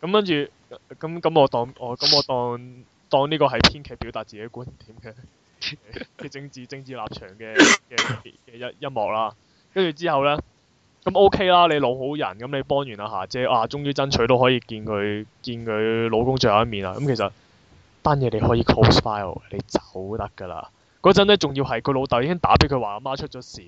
A: 咁跟住，咁 咁、呃、我當我咁、oh, 我當當呢個係編劇表達自己觀點嘅、uh, 政治 政治立場嘅嘅嘅一一幕啦。跟住之後呢。咁、嗯、OK 啦，你老好人，咁、嗯、你幫完阿、啊、霞姐啊，終於爭取都可以見佢見佢老公最後一面啦！咁、嗯、其實單嘢你可以 close file，你走得噶啦。嗰陣咧，仲要係個老豆已經打俾佢話阿媽出咗事。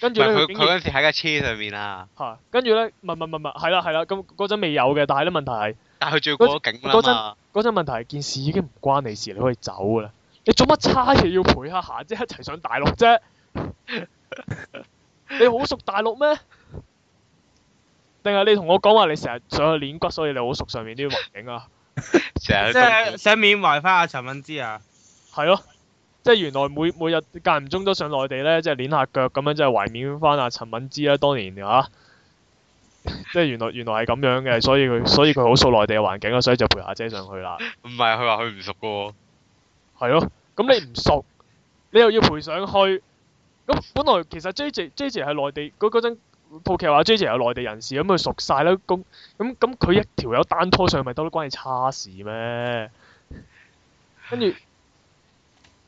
B: 跟住佢嗰陣時喺架車上面
A: 啊。跟住呢，唔唔唔唔，係啦係啦，咁嗰陣未有嘅，但係呢問題係。但係佢仲要過咗境啦嘛。嗰陣問題係件事已經唔關你事，你可以走噶啦。你做乜差嘢要陪下霞姐一齊上大陸啫？ 你好熟大陸咩？定係你同我講話你成日上去捏骨，所以你好熟上面啲環境啊？即係想緬懷翻阿陳敏芝啊？係咯，即係原來每每日間唔中都上內地呢，即係捏下腳咁樣，即係緬懷翻阿陳敏芝啦、啊。當年嚇、啊，即 係原來原來係咁樣嘅，所以佢所以佢好熟內地嘅環境啊，所以就陪阿
B: 姐上去啦。唔係，佢話佢唔熟
A: 嘅喎。係咯、 啊，咁你唔熟，你又要陪上去？咁本來其實 J.J.J.J 係內地，佢嗰陣套劇話 J.J 係內地人士，咁佢熟晒啦。咁咁咁，佢一條友單拖上去，咪都關你叉事咩？跟住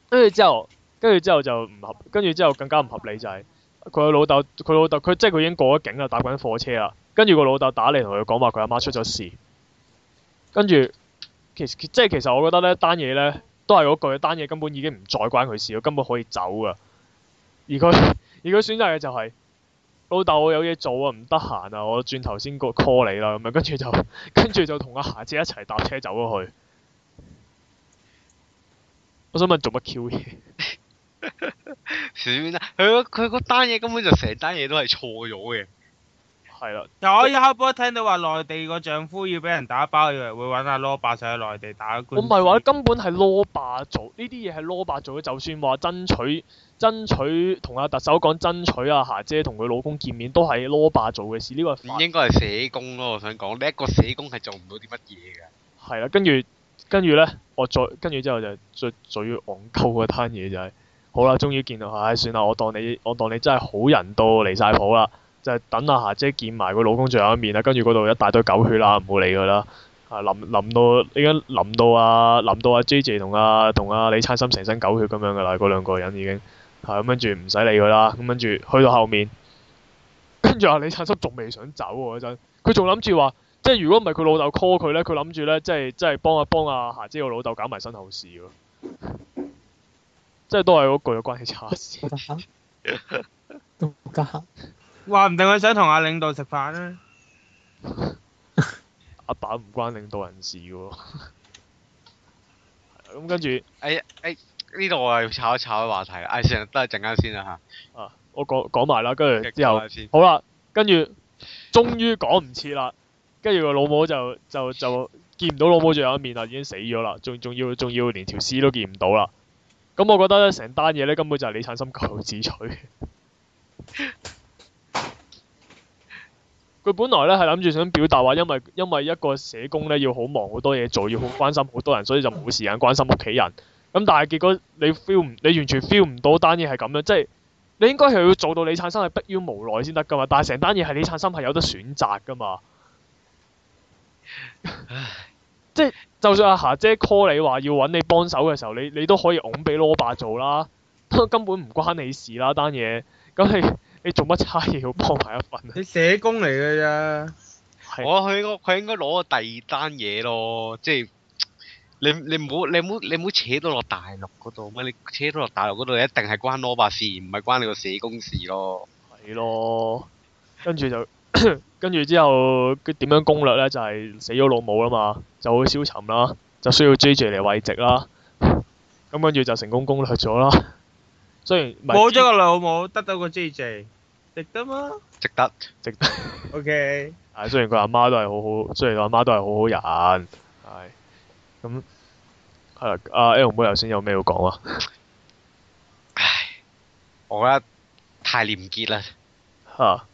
A: 跟住之後，跟住之後就唔合，跟住之後更加唔合理就係、是、佢老豆，佢老豆，佢即係佢已經過咗境啦，搭緊火車啦。跟住個老豆打嚟同佢講話，佢阿媽出咗事。跟住其實即係其實我覺得呢單嘢呢，都係嗰句，單嘢根本已經唔再關佢事，根本可以走噶。而佢而佢選擇嘅就係，老豆，我有嘢做啊，唔得閒啊，我轉頭先 call 你啦，咁啊，跟住就跟住就同阿霞姐一齊搭車走咗去。
B: 我想
A: 問做乜 Q 嘢？
B: 算啦，佢佢嗰單嘢根本就成單嘢都係錯咗嘅。
C: 係啦，又我一開波！可可聽到話內地個丈夫要俾人打包，以為會揾阿羅拔上內地打官司，我唔係話
A: 根本係羅拔做呢啲嘢係羅拔做，就算話爭取爭取同阿特首講爭取阿、啊、霞姐同佢老公見面，都係羅拔做嘅事。呢個
B: 唔應該係社工咯，我想講呢一個社工係做唔到啲乜嘢嘅。
A: 係啦，跟住跟住咧，我再跟住之後就最最戇鳩嗰攤嘢就係、是、好啦，終於見到，唉、哎，算啦，我當你我當你，我當你真係好人到離晒譜啦。就係等阿霞姐見埋佢老公最後一面啦，跟住嗰度一大堆狗血啦，唔好理佢啦。到到啊，淋淋到依家淋到啊淋到阿 JJ 同阿同阿李燦森成身狗血咁樣噶啦，嗰兩個人已經係咁跟住，唔使理佢啦。咁跟住去到後面，跟住阿李燦森仲未想走喎嗰陣，佢仲諗住話，即係如果唔係佢老豆 call 佢咧，佢諗住咧，即係即係幫阿幫阿、啊、霞姐個老豆搞埋身後事喎。即係都
C: 係嗰句嘅關係差事。 話唔定佢想同阿領導食飯啊！
B: 阿爸唔關領導人的事嘅喎，咁、 嗯、跟住誒誒呢度我又要炒一炒嘅話題啦，唉，成日都係陣間先啦吓、啊。
A: 我講講埋啦，跟住之後先好啦，跟住終於講唔切啦，跟住個老母就就就，就見唔到老母最後一面啦，已經死咗啦，仲仲要仲要連條屍都見唔到啦。咁、嗯、我覺得咧，成單嘢咧根本就係李燦心咎自取。 佢本來咧係諗住想表達話，因為因為一個社工咧要好忙好多嘢做，要好關心好多人，所以就冇時間關心屋企人。咁、嗯、但係結果你 feel 唔，你完全 feel 唔到單嘢係咁樣，即係你應該係要做到李產生係迫於無奈先得噶嘛。但係成單嘢係李產生係有得選擇噶嘛。 即係就算阿霞姐 call 你話要揾你幫手嘅時候，你你都可以拱俾羅伯做啦，根本唔關你事啦單嘢。咁你？你做乜差嘢要幫埋一份啊？你
C: 社工嚟嘅啫，
B: 我佢佢應該攞個第二單嘢咯，即係你你唔好你唔好你唔好扯到落大陸嗰度咩？你扯到落大陸嗰度，一定係關羅伯事，唔係關你個社工事咯。係咯。跟住
A: 就，跟住之後點樣攻略咧？就係、是、死咗老母啦嘛，就會消沉啦，就需要 J J 嚟慰藉啦。咁跟住就成功攻略咗啦。雖然冇咗個老
C: 母，得到個 JJ，值得嗎？值得，值得。O.K.
A: 啊，雖然佢阿媽都係好好，雖然佢阿媽都係好好人。係。咁，係啊！阿 L 妹頭先有咩要講啊？
B: 唉，我覺得太廉潔啦。啊哈！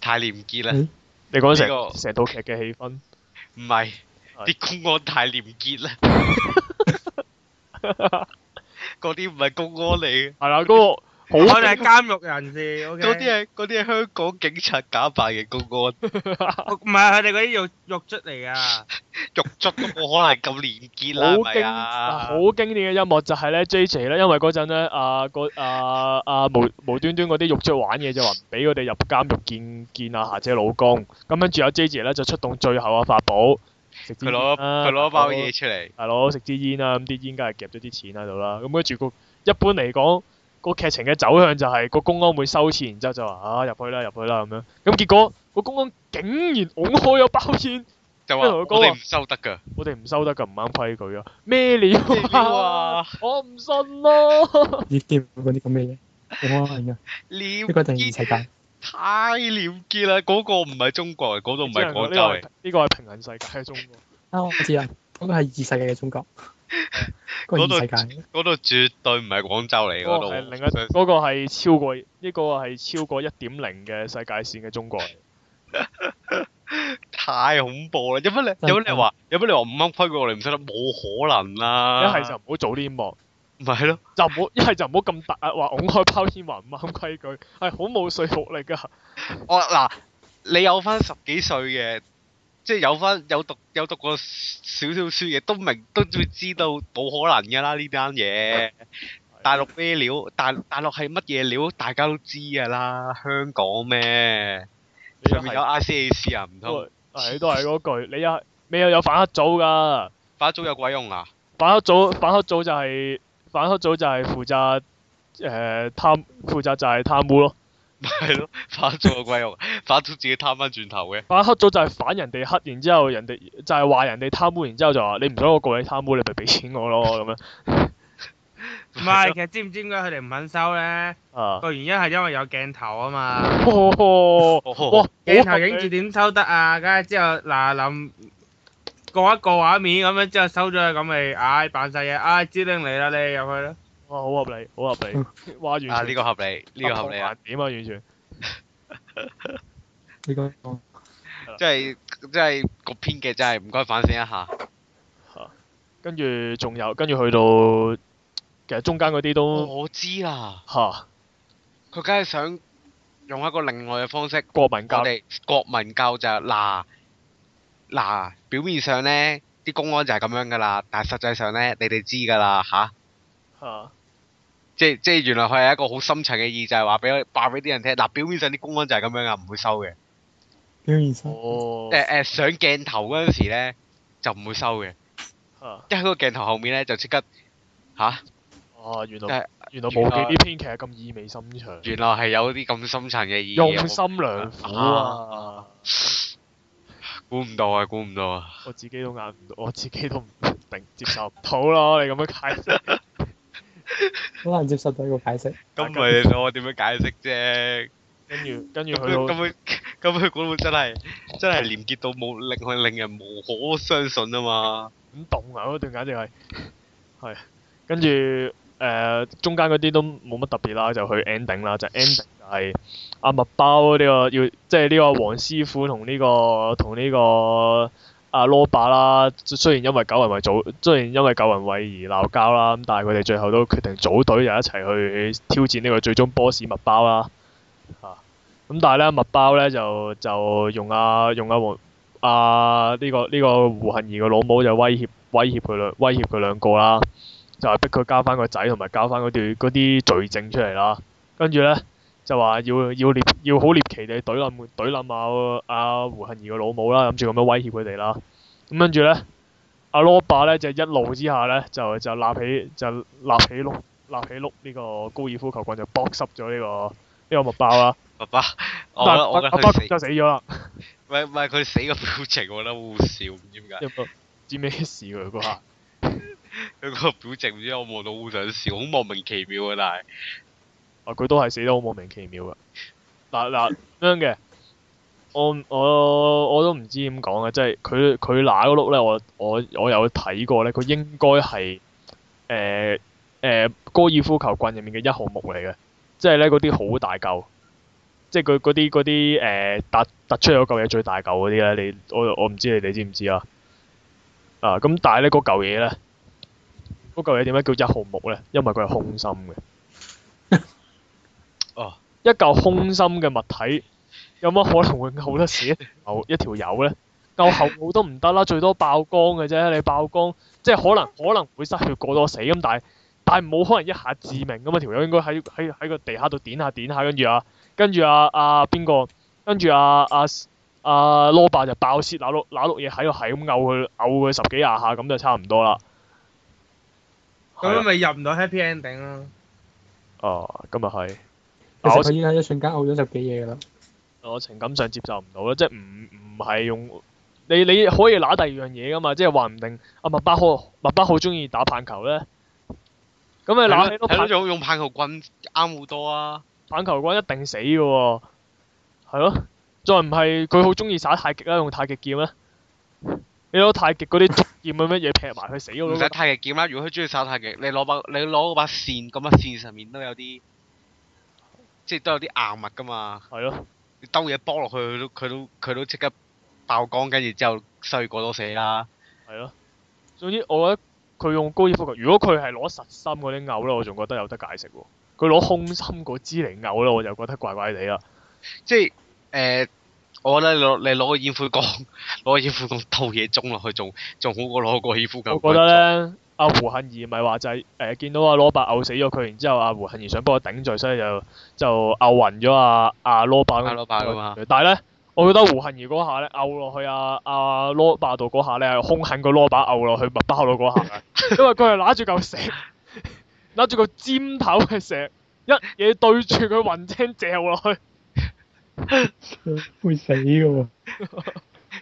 B: 太廉潔啦！嗯、你講成成套劇嘅氣氛？唔係是，啲公安太廉潔啦。 嗰啲唔係公安嚟嘅，係啦， 嗰個我哋係監
C: 獄人士。
B: 嗰啲係啲係香港警察假扮嘅公安，唔係佢哋嗰啲獄獄卒嚟啊！獄卒都冇可能咁廉潔啦，係咪啊？
A: 好經典嘅音樂就係咧 Jazzy 咧，因為嗰陣咧，阿個阿阿無無端端嗰啲獄卒玩嘢就話俾佢哋入監獄見見阿、啊、霞姐老公，咁跟住阿 Jazzy 咧就出動最後嘅法寶。佢攞佢攞一包嘢出嚟，係咯食支煙啦，咁啲煙梗係夾咗啲錢喺度啦。咁跟住個一般嚟講，個劇情嘅走向就係個公安會收錢，然之後就話啊入去啦入去啦咁樣。咁結果個公安竟然㧬開有包煙，
B: 就話我哋唔收得㗎，
A: 我哋唔收得㗎，唔啱規矩
B: 啊！咩料啊？我唔信咯！你叫嗰啲咁咩嘢？我唔明啊！點解突然之間？太廉潔啦！嗰個唔係中國，嗰度唔係廣州嚟，呢個係平行世界嘅中國。
A: 啊，我知啦，嗰個係二世界嘅中國。嗰度
B: 嗰度絕對唔係廣州嚟嗰度。係另一
A: 嗰個係超過呢個係超過一點零嘅世界線嘅中國。
B: 太恐怖啦！有乜你有乜你話有乜你話五蚊飛過嚟唔識得，冇可能啦！一係就唔好做呢啲忙。唔係咯就，就唔好一係就唔好咁
A: 大啊！話拱開拋先話唔啱規矩，係好冇說服力噶。
B: 我嗱，你有翻十幾歲嘅，即係有翻有讀有讀過少少書嘅，都明都會知道冇可能㗎啦呢單嘢。大陸咩料？大大陸係乜嘢料？大家都知㗎啦，香港咩？上面有 I C A C 啊，唔通是？
A: 係都係嗰知句，你又你又有,有反黑組㗎？反
B: 黑組有鬼用啊！
A: 反黑組反黑組就係、是。反黑組就係負責誒、呃、貪，負責就係貪污
B: 咯。係咯，反咗個鬼肉，反咗自己貪返轉頭嘅。
A: 反黑組就係反人哋黑，然之後人哋就係、是、話人哋貪污，然之後就話你唔想我告你貪污，你咪俾錢我咯咁樣。唔
C: 係， 其實知唔知點解佢哋唔肯收咧？啊。個原因係因為有鏡頭啊嘛。
A: 哦。哇！鏡頭影住
C: 點收得啊？梗係之後嗱諗。過一個畫面咁樣，之後收咗佢咁咪，唉扮晒嘢，唉指令嚟啦，你入去啦，哇好合理，好合理，
B: 完全啊呢個合理，呢個合理，點啊完全。呢個，即係即係個編劇真係唔該反省一下。吓，
A: 跟住仲有，跟住去到，其實中間嗰啲都我知啦。
B: 吓，佢梗係想用一個另外嘅方式，我哋國民教就係嗱。嗱、啊，表面上咧，啲公安就係咁樣噶啦，但係實際上咧，你哋知噶啦嚇。啊。啊即即原來佢係一個好深層嘅意，就係話俾佢話俾啲人聽。嗱、啊，表面上啲公安就係咁樣啊，唔會收嘅。
A: 表面
B: 上。哦。上鏡頭嗰陣時咧，就唔會收嘅。一喺個鏡頭後面咧，就即刻吓，哦、啊啊，原來。原來冇記啲
A: 編劇咁意味深長。原來
B: 係有啲咁深層嘅意。用心良苦啊！啊啊估唔到啊！估唔到啊！
A: 我自己都硬唔到，我自己都唔
B: 定接受唔到咯。你咁樣解釋，
C: 好難接受第二個解釋。咁咪我
B: 點樣解釋啫？跟住，跟住佢到，咁佢，咁佢嗰幕真係，真係連結到冇令，令人無可相信啊嘛。咁
A: 戙啊嗰段簡直係，係。跟住誒，中間嗰啲都冇乜特別啦，就去 ending 啦，就 ending 就係。阿麥、啊、包呢、這個要，即係呢個黃師傅同呢、這個同呢個阿、啊、羅伯啦，雖然因為救人為組，雖然因為救人為而鬧交啦，咁但係佢哋最後都決定組隊就一齊去挑戰呢個最終 boss 麥包啦。嚇、啊！咁但係咧麥包咧就就用阿、啊、用阿黃阿呢個呢、這個胡杏兒個老母就威脅威脅佢兩威脅佢兩個啦，就係逼佢交翻個仔同埋交翻嗰段啲罪證出嚟啦。跟住咧。就話要要要好獵奇地懟冧懟冧下阿胡杏兒個老母啦，諗住咁樣威脅佢哋啦。咁跟住咧，阿羅拔咧就一怒之下咧，就就拿起就拿起碌立起碌呢個高爾夫球棍就搏濕咗呢個呢個物包啦。爸爸，我阿伯就死咗啦。
B: 唔係佢死個表情，我覺得，爸爸我覺得好笑，唔知點解。唔知咩事喎？佢個佢個表情唔知我望到好想笑，好莫名其妙啊！但係。
A: 佢都係死得好莫名其妙㗎。嗱嗱樣嘅，我我我都唔知點講呀，即係佢佢嗱嗰碌咧，我我我有睇過咧，佢應該係誒誒，高爾夫球棍入面嘅一號木嚟嘅，即係咧嗰啲好大嚿，即係佢嗰啲嗰啲誒突突出咗嚿嘢最大嚿嗰啲咧，你我我唔知你哋知唔知啊？啊！咁但係咧嗰嚿嘢咧，嗰嚿嘢點解叫一號木咧？因為佢係空心嘅。一嚿空心嘅物體，有乜可能會拗得死？拗一條友呢？拗後腦都唔得啦，最多爆光嘅啫。你爆光，即係可能可能會失血過多死咁，但係但係冇可能一下致命咁啊！條友應該喺喺喺個地下度點下點下，跟住啊，跟住啊啊邊個？跟住啊啊阿、啊啊、羅伯就爆屎攔攔攔攏嘢喺度，係咁拗佢拗佢十幾廿下，咁就差唔多啦。
C: 咁咪入唔到 happy ending 啦。
A: 哦、啊，咁又係。
C: 我依家一瞬間好
A: 咗十幾嘢噶啦，我情感上接受唔到啦，即係唔唔係用你你可以攞第二樣嘢噶嘛，即係話唔定阿麥、啊、巴好麥巴好中意打棒球咧，
B: 咁你攞係嗰種用棒球棍啱好多啊，
A: 棒球棍一定死噶喎、啊，係咯，再唔係佢好中意耍太極啊，用太極劍啊。你攞太極嗰啲竹劍嗰乜嘢劈
B: 埋佢死，那個，唔使太極劍啦，如果佢中意耍太極，你攞把你攞把線，咁把線上面都有啲。即係都有啲硬物噶嘛，係咯、啊，你兜嘢波落去佢都佢都佢都即刻爆缸，跟住之後失血過多都死啦。係咯、啊，
A: 總之我覺得佢用高爾夫球，如果佢係攞實心嗰啲拗咧，我仲覺得有得解釋喎、啊。佢攞空心嗰支嚟拗
B: 咧，我就覺得怪怪地啦。即係誒、呃，我覺得攞你攞個煙灰缸，攞煙灰缸兜嘢中落去，仲仲好過攞個高爾夫球。我覺得咧。
A: 阿胡杏兒咪話就係、是、誒、呃、見到阿羅伯咬死咗佢，然之後阿胡杏兒想幫我頂罪，所以就就咬暈咗阿阿羅伯。阿羅伯啊嘛。但係咧，我覺得胡杏兒嗰下咧，咬落去阿、啊、阿、啊、羅伯度嗰下咧，兇狠過羅伯咬落去密包度嗰下啊，因為佢係揦住嚿石，揦住個尖頭嘅石，一嘢對住佢雲青嚼落去，會死㗎嘛。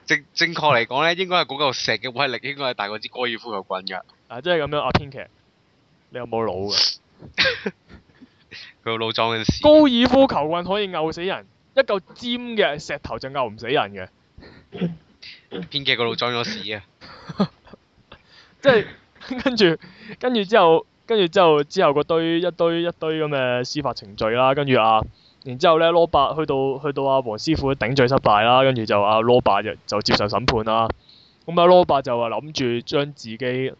B: 正正確嚟講咧，應該係嗰嚿石嘅威力應該係大過支高爾夫球棍嘅、
A: 啊即係。啊，即係咁樣啊！編劇，
B: 你有冇腦㗎？佢個 腦裝緊屎。
A: 高爾夫球棍可以咬死人，一嚿尖嘅石頭就咬唔死人
B: 嘅。編劇個腦裝咗屎啊！
A: 即係跟住，跟住之後，跟住之後，之後嗰堆一堆一堆咁嘅司法程序啦，跟住啊～然之後咧，羅伯去到去到阿黃師傅頂罪失敗啦，跟住就阿羅伯就接受審判啦。咁阿羅伯就話諗住將自己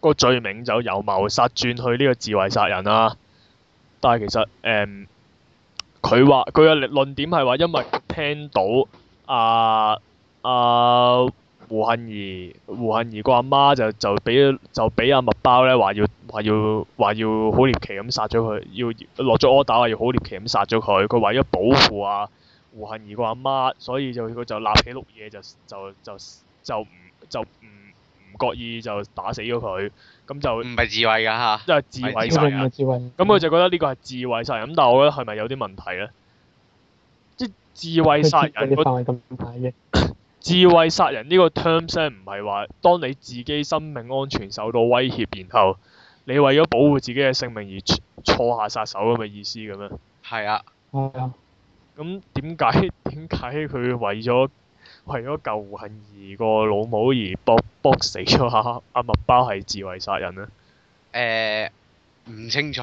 A: 個罪名就由謀殺轉去呢個自衞殺人啦。但係其實誒，佢話佢嘅論點係話，因為聽到阿阿。啊啊胡杏兒，胡杏兒個阿媽就就俾就俾阿麥包咧，話要話要話要好獵奇咁殺咗佢，要落咗柯打話要好獵奇咁殺咗佢。佢為咗保護啊胡杏兒個阿媽，所以就佢就立起碌嘢，就就就就唔就唔唔覺意就打死咗佢。咁就唔係自衛噶吓，即係自衛殺人。咁佢就覺得呢個係自衛殺人。但係我覺得係咪有啲問題咧？即係自衛殺人，自衛殺人呢個 terms 唔係話當你自己生命安全受到威脅，然後你為咗保護自己嘅性命而錯下殺手咁嘅意思嘅咩？係啊，咁點解點解佢為咗為咗救胡杏兒個老母而搏搏死咗阿阿麥包係自衛殺人咧？誒、呃，唔清楚。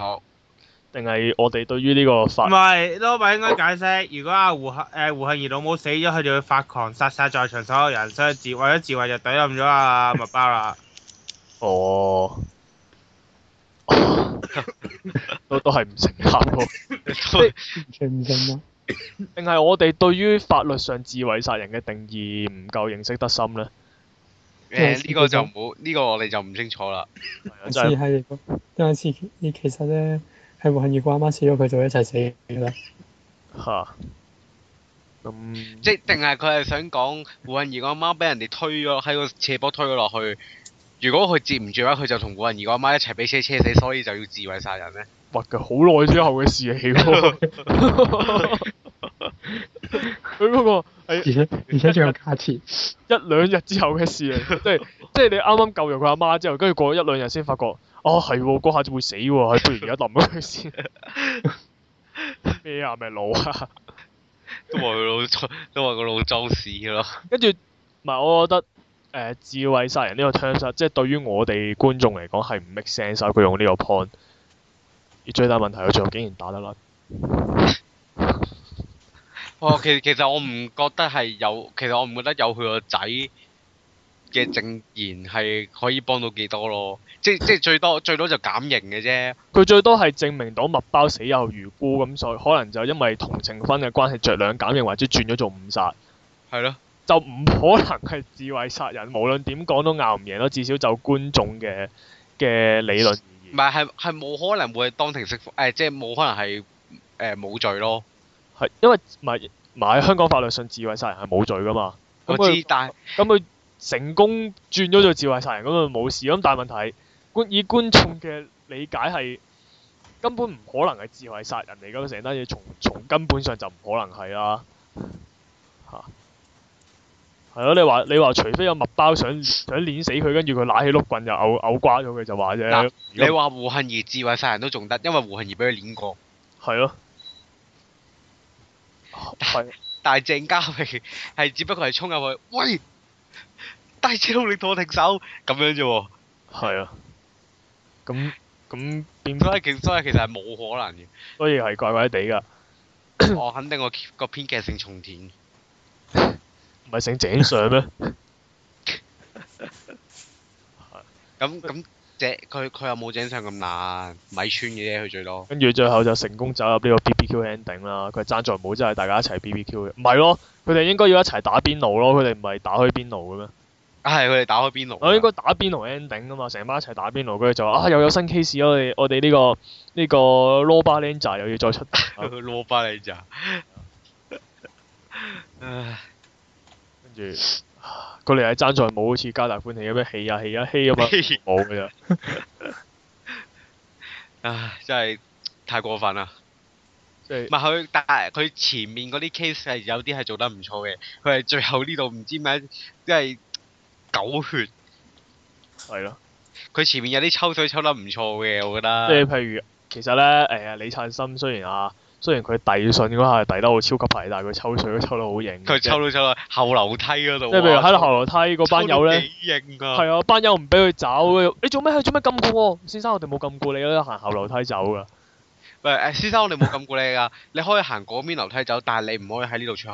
A: 定係我哋對於呢個法唔
C: 係，lawyer 應該解釋，如果阿胡杏，誒、呃、胡杏兒老母死咗，佢就會發狂殺曬在場所有人，所以自為咗自衞就隊冧咗阿麥包啦、 哦。
A: 哦，
C: 都都係
A: 唔誠信喎，即係唔誠信，定係我哋對於法律上自衞殺人嘅定義唔夠認識得深咧？呢個就唔好，呢
B: 個， 我哋就唔清楚啦。真係，
C: 因為其實咧。
B: 係胡杏兒個阿媽死咗，佢就一齊死啦。吓，咁、嗯、即係定係佢係想講胡杏兒個阿媽俾人哋推咗喺個斜坡推咗落去，如果佢接唔住嘅話，佢就同胡杏兒個阿媽一齊俾車車死，所以就要自衛殺人咧。
A: 哇，佢好耐之後嘅事嚟
B: 嘅。 佢嗰個，而且而且仲有卡錢，一
A: 兩日之後嘅事嚟， 即係即係你啱啱救咗佢阿媽之後，跟住過咗一兩日先發覺，哦，係喎，嗰下就會死喎，不如而家撳咗佢先。
B: 咩 啊、哎？咪老啊？都話佢老都話佢老裝屎咯。
A: 跟住， 唔係我覺得，誒、呃、智慧殺人呢個 turn 殺，即係對於我哋觀眾嚟講係唔 make sense，佢用呢個 point，而最大問題佢最後竟然打得甩。
B: 哦，其實其實我唔覺得係有，其實我唔覺得有佢個仔嘅證言係可以幫到幾多咯，即即最多最多就減刑嘅啫。
A: 佢最多係證明到麥包死有餘辜，咁所以可能就因為同情分嘅關係，酌量減刑或者轉咗做誤殺。係咯的，就唔可能係自衛殺人，無論點講都拗唔贏咯。至少就觀眾嘅嘅理論。
B: 唔係係係冇可能會當庭釋誒、哎，即係冇可能係誒冇罪咯。因為唔係唔係
A: 香港法律上自衛殺人係冇罪噶嘛。嗯、我知，但咁佢成功轉咗做自衛殺人，咁就冇事。咁但係問題，觀以觀眾嘅理解係根本唔可能係自衛殺人嚟噶，成單嘢從從根本上就唔可能係啦。吓、啊，係咯、啊？你話你話，除非有麥包想想碾死佢，跟住佢揦起碌棍就毆毆瓜咗佢，就話啫、啊。你
B: 話胡杏兒自衛殺人，都仲得，因為胡杏兒俾佢碾過。係咯。係，但係鄭嘉穎係只不過係衝入去，喂，大超你當我停手咁樣啫喎。係啊，咁咁變咗。所以其所以其實係冇可能嘅，所以
A: 係怪怪哋噶。
B: 我肯定個個編劇姓松田，
A: 唔係姓井上咩？
B: 咁咁。 佢佢又冇整成咁難，啊，咪穿嘅啫佢最多。跟
A: 住最後就成功走入呢個 BBQ ending 啦，佢係贊助冇真係大家一齊 BBQ 唔係咯，佢哋應該要一齊打邊爐咯，佢哋唔係打開邊爐嘅咩？
B: 啊，係佢哋打開邊爐。我應該打邊爐
A: ending 啊嘛，成班一齊打邊爐，跟住就啊又有新 case 我哋我哋呢、呢個呢、呢個 Loba Ninja 又要再出。
B: Loba Ninja
A: 跟住。 佢哋係爭在冇好似皆大歡喜咁樣，戲呀戲呀戲咁啊，
B: 冇噶啦！唉，真係太過分啦！即係唔係佢？但係佢前面嗰啲 case 係有啲係做得唔錯嘅，佢係最後呢度唔知咩，即係狗血係咯。佢的前面有啲抽水抽得唔錯嘅，我覺得。即係譬如，其實咧，誒、呃、李
A: 燦森雖然啊。雖然佢遞信嗰下遞得好超級大，但係佢抽水都抽得好型。佢抽到
B: 抽到後樓梯嗰度。即係譬如喺度後樓梯嗰班友咧。幾型啊！係
A: 啊，班友唔俾佢走。你做咩？你做咩禁過喎，先生？我哋冇禁過你啦，行後樓梯走㗎。
B: 喂誒，先生，我哋冇禁過你㗎，你可以行嗰邊樓梯走，但係你唔可以喺呢度出去。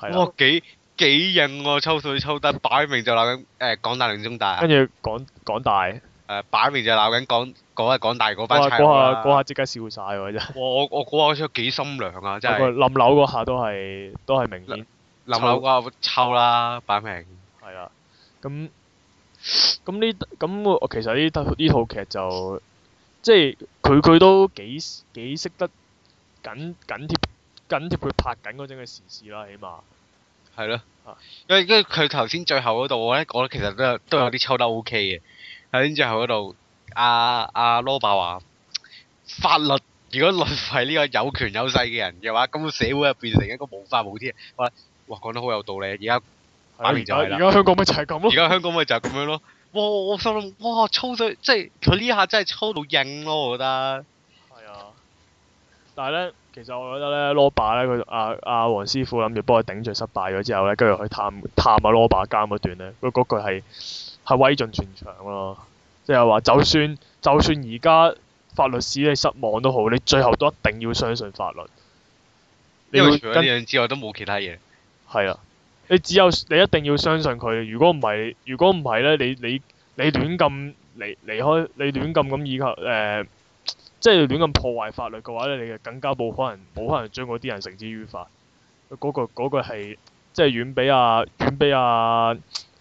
B: 係啦。哇！幾幾型喎，抽水抽得，擺明就鬧緊誒港大定中大。跟住港港大。誒，擺明、呃、就鬧緊，講講啊講大嗰班差佬啦。嗰下即刻笑晒喎。我我我嗰下出幾心涼啊！真係。冧樓嗰下都
A: 係都係明顯。冧樓嗰
B: 下抽啦，擺明。係啊。
A: 咁咁呢？咁我其實呢套呢套劇就，即係佢佢都幾幾識得緊緊貼緊貼佢拍緊嗰陣嘅時事啦，起碼。
B: 係咯。啊。因因為佢頭先最後嗰度咧，講得其實都都有啲抽得 OK 嘅。喺最後嗰度，阿、啊、阿、啊、羅爸話：法律如果淪為呢個有權有勢嘅人嘅話，咁、那個、社會入變成一個無法無天。話哇講得好有道理，而家，而家而家香港咪就係咁咯，而家香港咪就係咁樣咯。哇！我心諗，哇！抽水！」即係佢呢下真係抽到硬咯，我覺得。係啊，但係咧，
A: 其實我覺得咧，羅爸咧，佢阿阿黃師傅諗住幫佢頂罪失敗咗之後咧，跟住去探探阿、啊、羅爸監嗰段咧，佢嗰句係。係威盡全場咯，即係話就算就算而家法律使你失望都好，你最後都一定要相信法律。你跟因為除咗呢樣
B: 之外，都冇其他嘢。
A: 係啊，你只有你一定要相信佢。如果唔係，如果唔係咧，你你你亂咁離離開，你亂咁咁以及誒，即、呃、係、就是、亂咁破壞法律嘅話咧，你就更加冇可能冇可能將嗰啲人繩之於法。嗰、那個嗰係即係遠比啊遠比啊。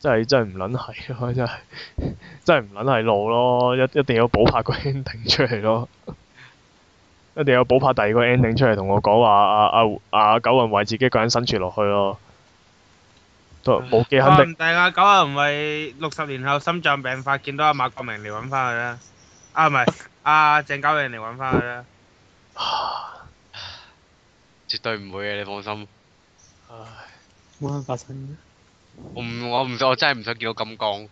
A: 真係真係唔撚係咯，真係真係唔撚係路咯，一一定要補拍個 ending 出嚟咯，一定要補拍第二個 ending 出嚟同我講話啊啊啊,啊！九雲為自己一個人生存落去咯，都冇嘅肯定。呃、
C: 定啊！九雲為六十年後心臟病發，見到阿馬國明嚟揾翻佢啦。啊唔係，阿、啊、鄭嘉穎嚟揾翻佢啦。
B: 唉絕對唔會嘅，你放心。唉，冇可能發生我唔，我唔想，我真係唔想見到咁講。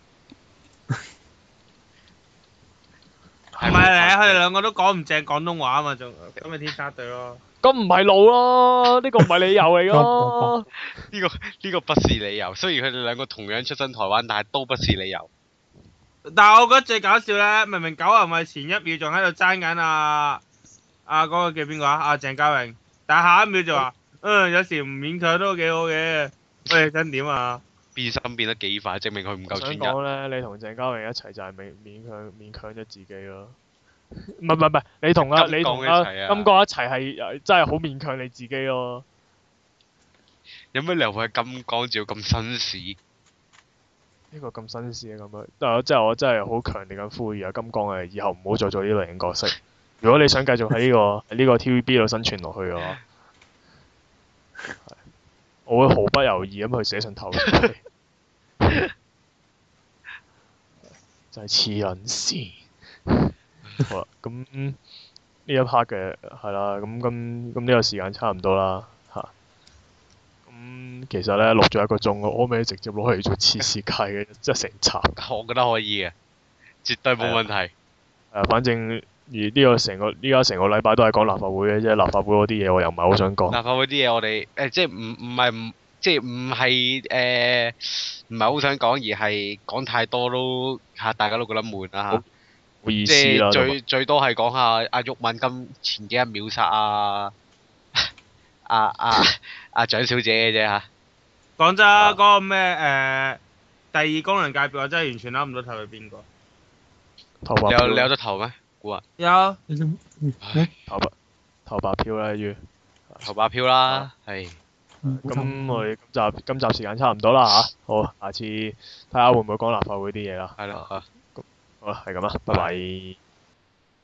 C: 係咪咧，佢哋兩個都講唔正廣東話啊嘛，仲咁咪天殺對咯。咁唔
A: 係老咯，呢個唔係理由嚟咯。
B: 呢個呢個不是理由，雖然佢哋兩個同樣出身台灣，但係都不是理由。
C: 但係我覺得最搞笑咧，明明九係咪前一秒仲喺度爭緊阿阿嗰個叫邊個啊？阿鄭嘉穎，但係下一秒就話，嗯，有時唔勉強都幾好嘅，喂，想點啊？
B: 變身變得幾快，證明佢唔夠專業。想
C: 講咧，你同鄭嘉
A: 穎一齊就係勉強勉強勉強咗自己咯。唔係唔係唔係，你同阿你同阿金剛一齊係真係好勉強你自己咯。
B: 有咩理由會金剛照咁紳士？
A: 呢個咁紳士啊咁啊！但係我真係好強烈咁呼籲啊！金剛，金剛這這啊，剛以後唔好再做呢類型角色。 如果你想繼續喺呢、這個呢 個 TVB 度生存落去嘅話， 我會毫不猶豫咁去寫信投就係似人先， 好啦，咁呢、嗯、一 part 嘅係啦，咁咁咁呢個時間差唔多啦，吓，咁其實呢，錄咗一個鐘，我我咪直接攞去做測試計嘅， 即係成
B: 集。我覺得可以嘅，絕對冇問題。
A: 呃、反正而呢個成個依家成個禮拜都係講立法會嘅，即係立法會嗰啲嘢，我又唔係好想講。立
B: 法會啲嘢我哋、欸、即係唔唔係唔。即係唔係誒，唔係好想講，而係講太多都吓，大家都覺得悶啦吓。即
C: 係最
B: 最多係講下阿玉敏今前幾日秒殺阿阿阿阿蔣小姐嘅啫吓。講真，嗰個咩
C: 誒，第二功能界別我真係完全諗唔到頭係邊個。你
B: 有得投咩？古惑。有。誒。投白
A: 投白票啦，要。投白票啦，係。
B: 咁，嗯，我哋
A: 今集今集時間差唔多啦吓，啊，好，下次睇下會唔會講立法會啲嘢啦。係啦吓，好啦，係咁啦，拜拜。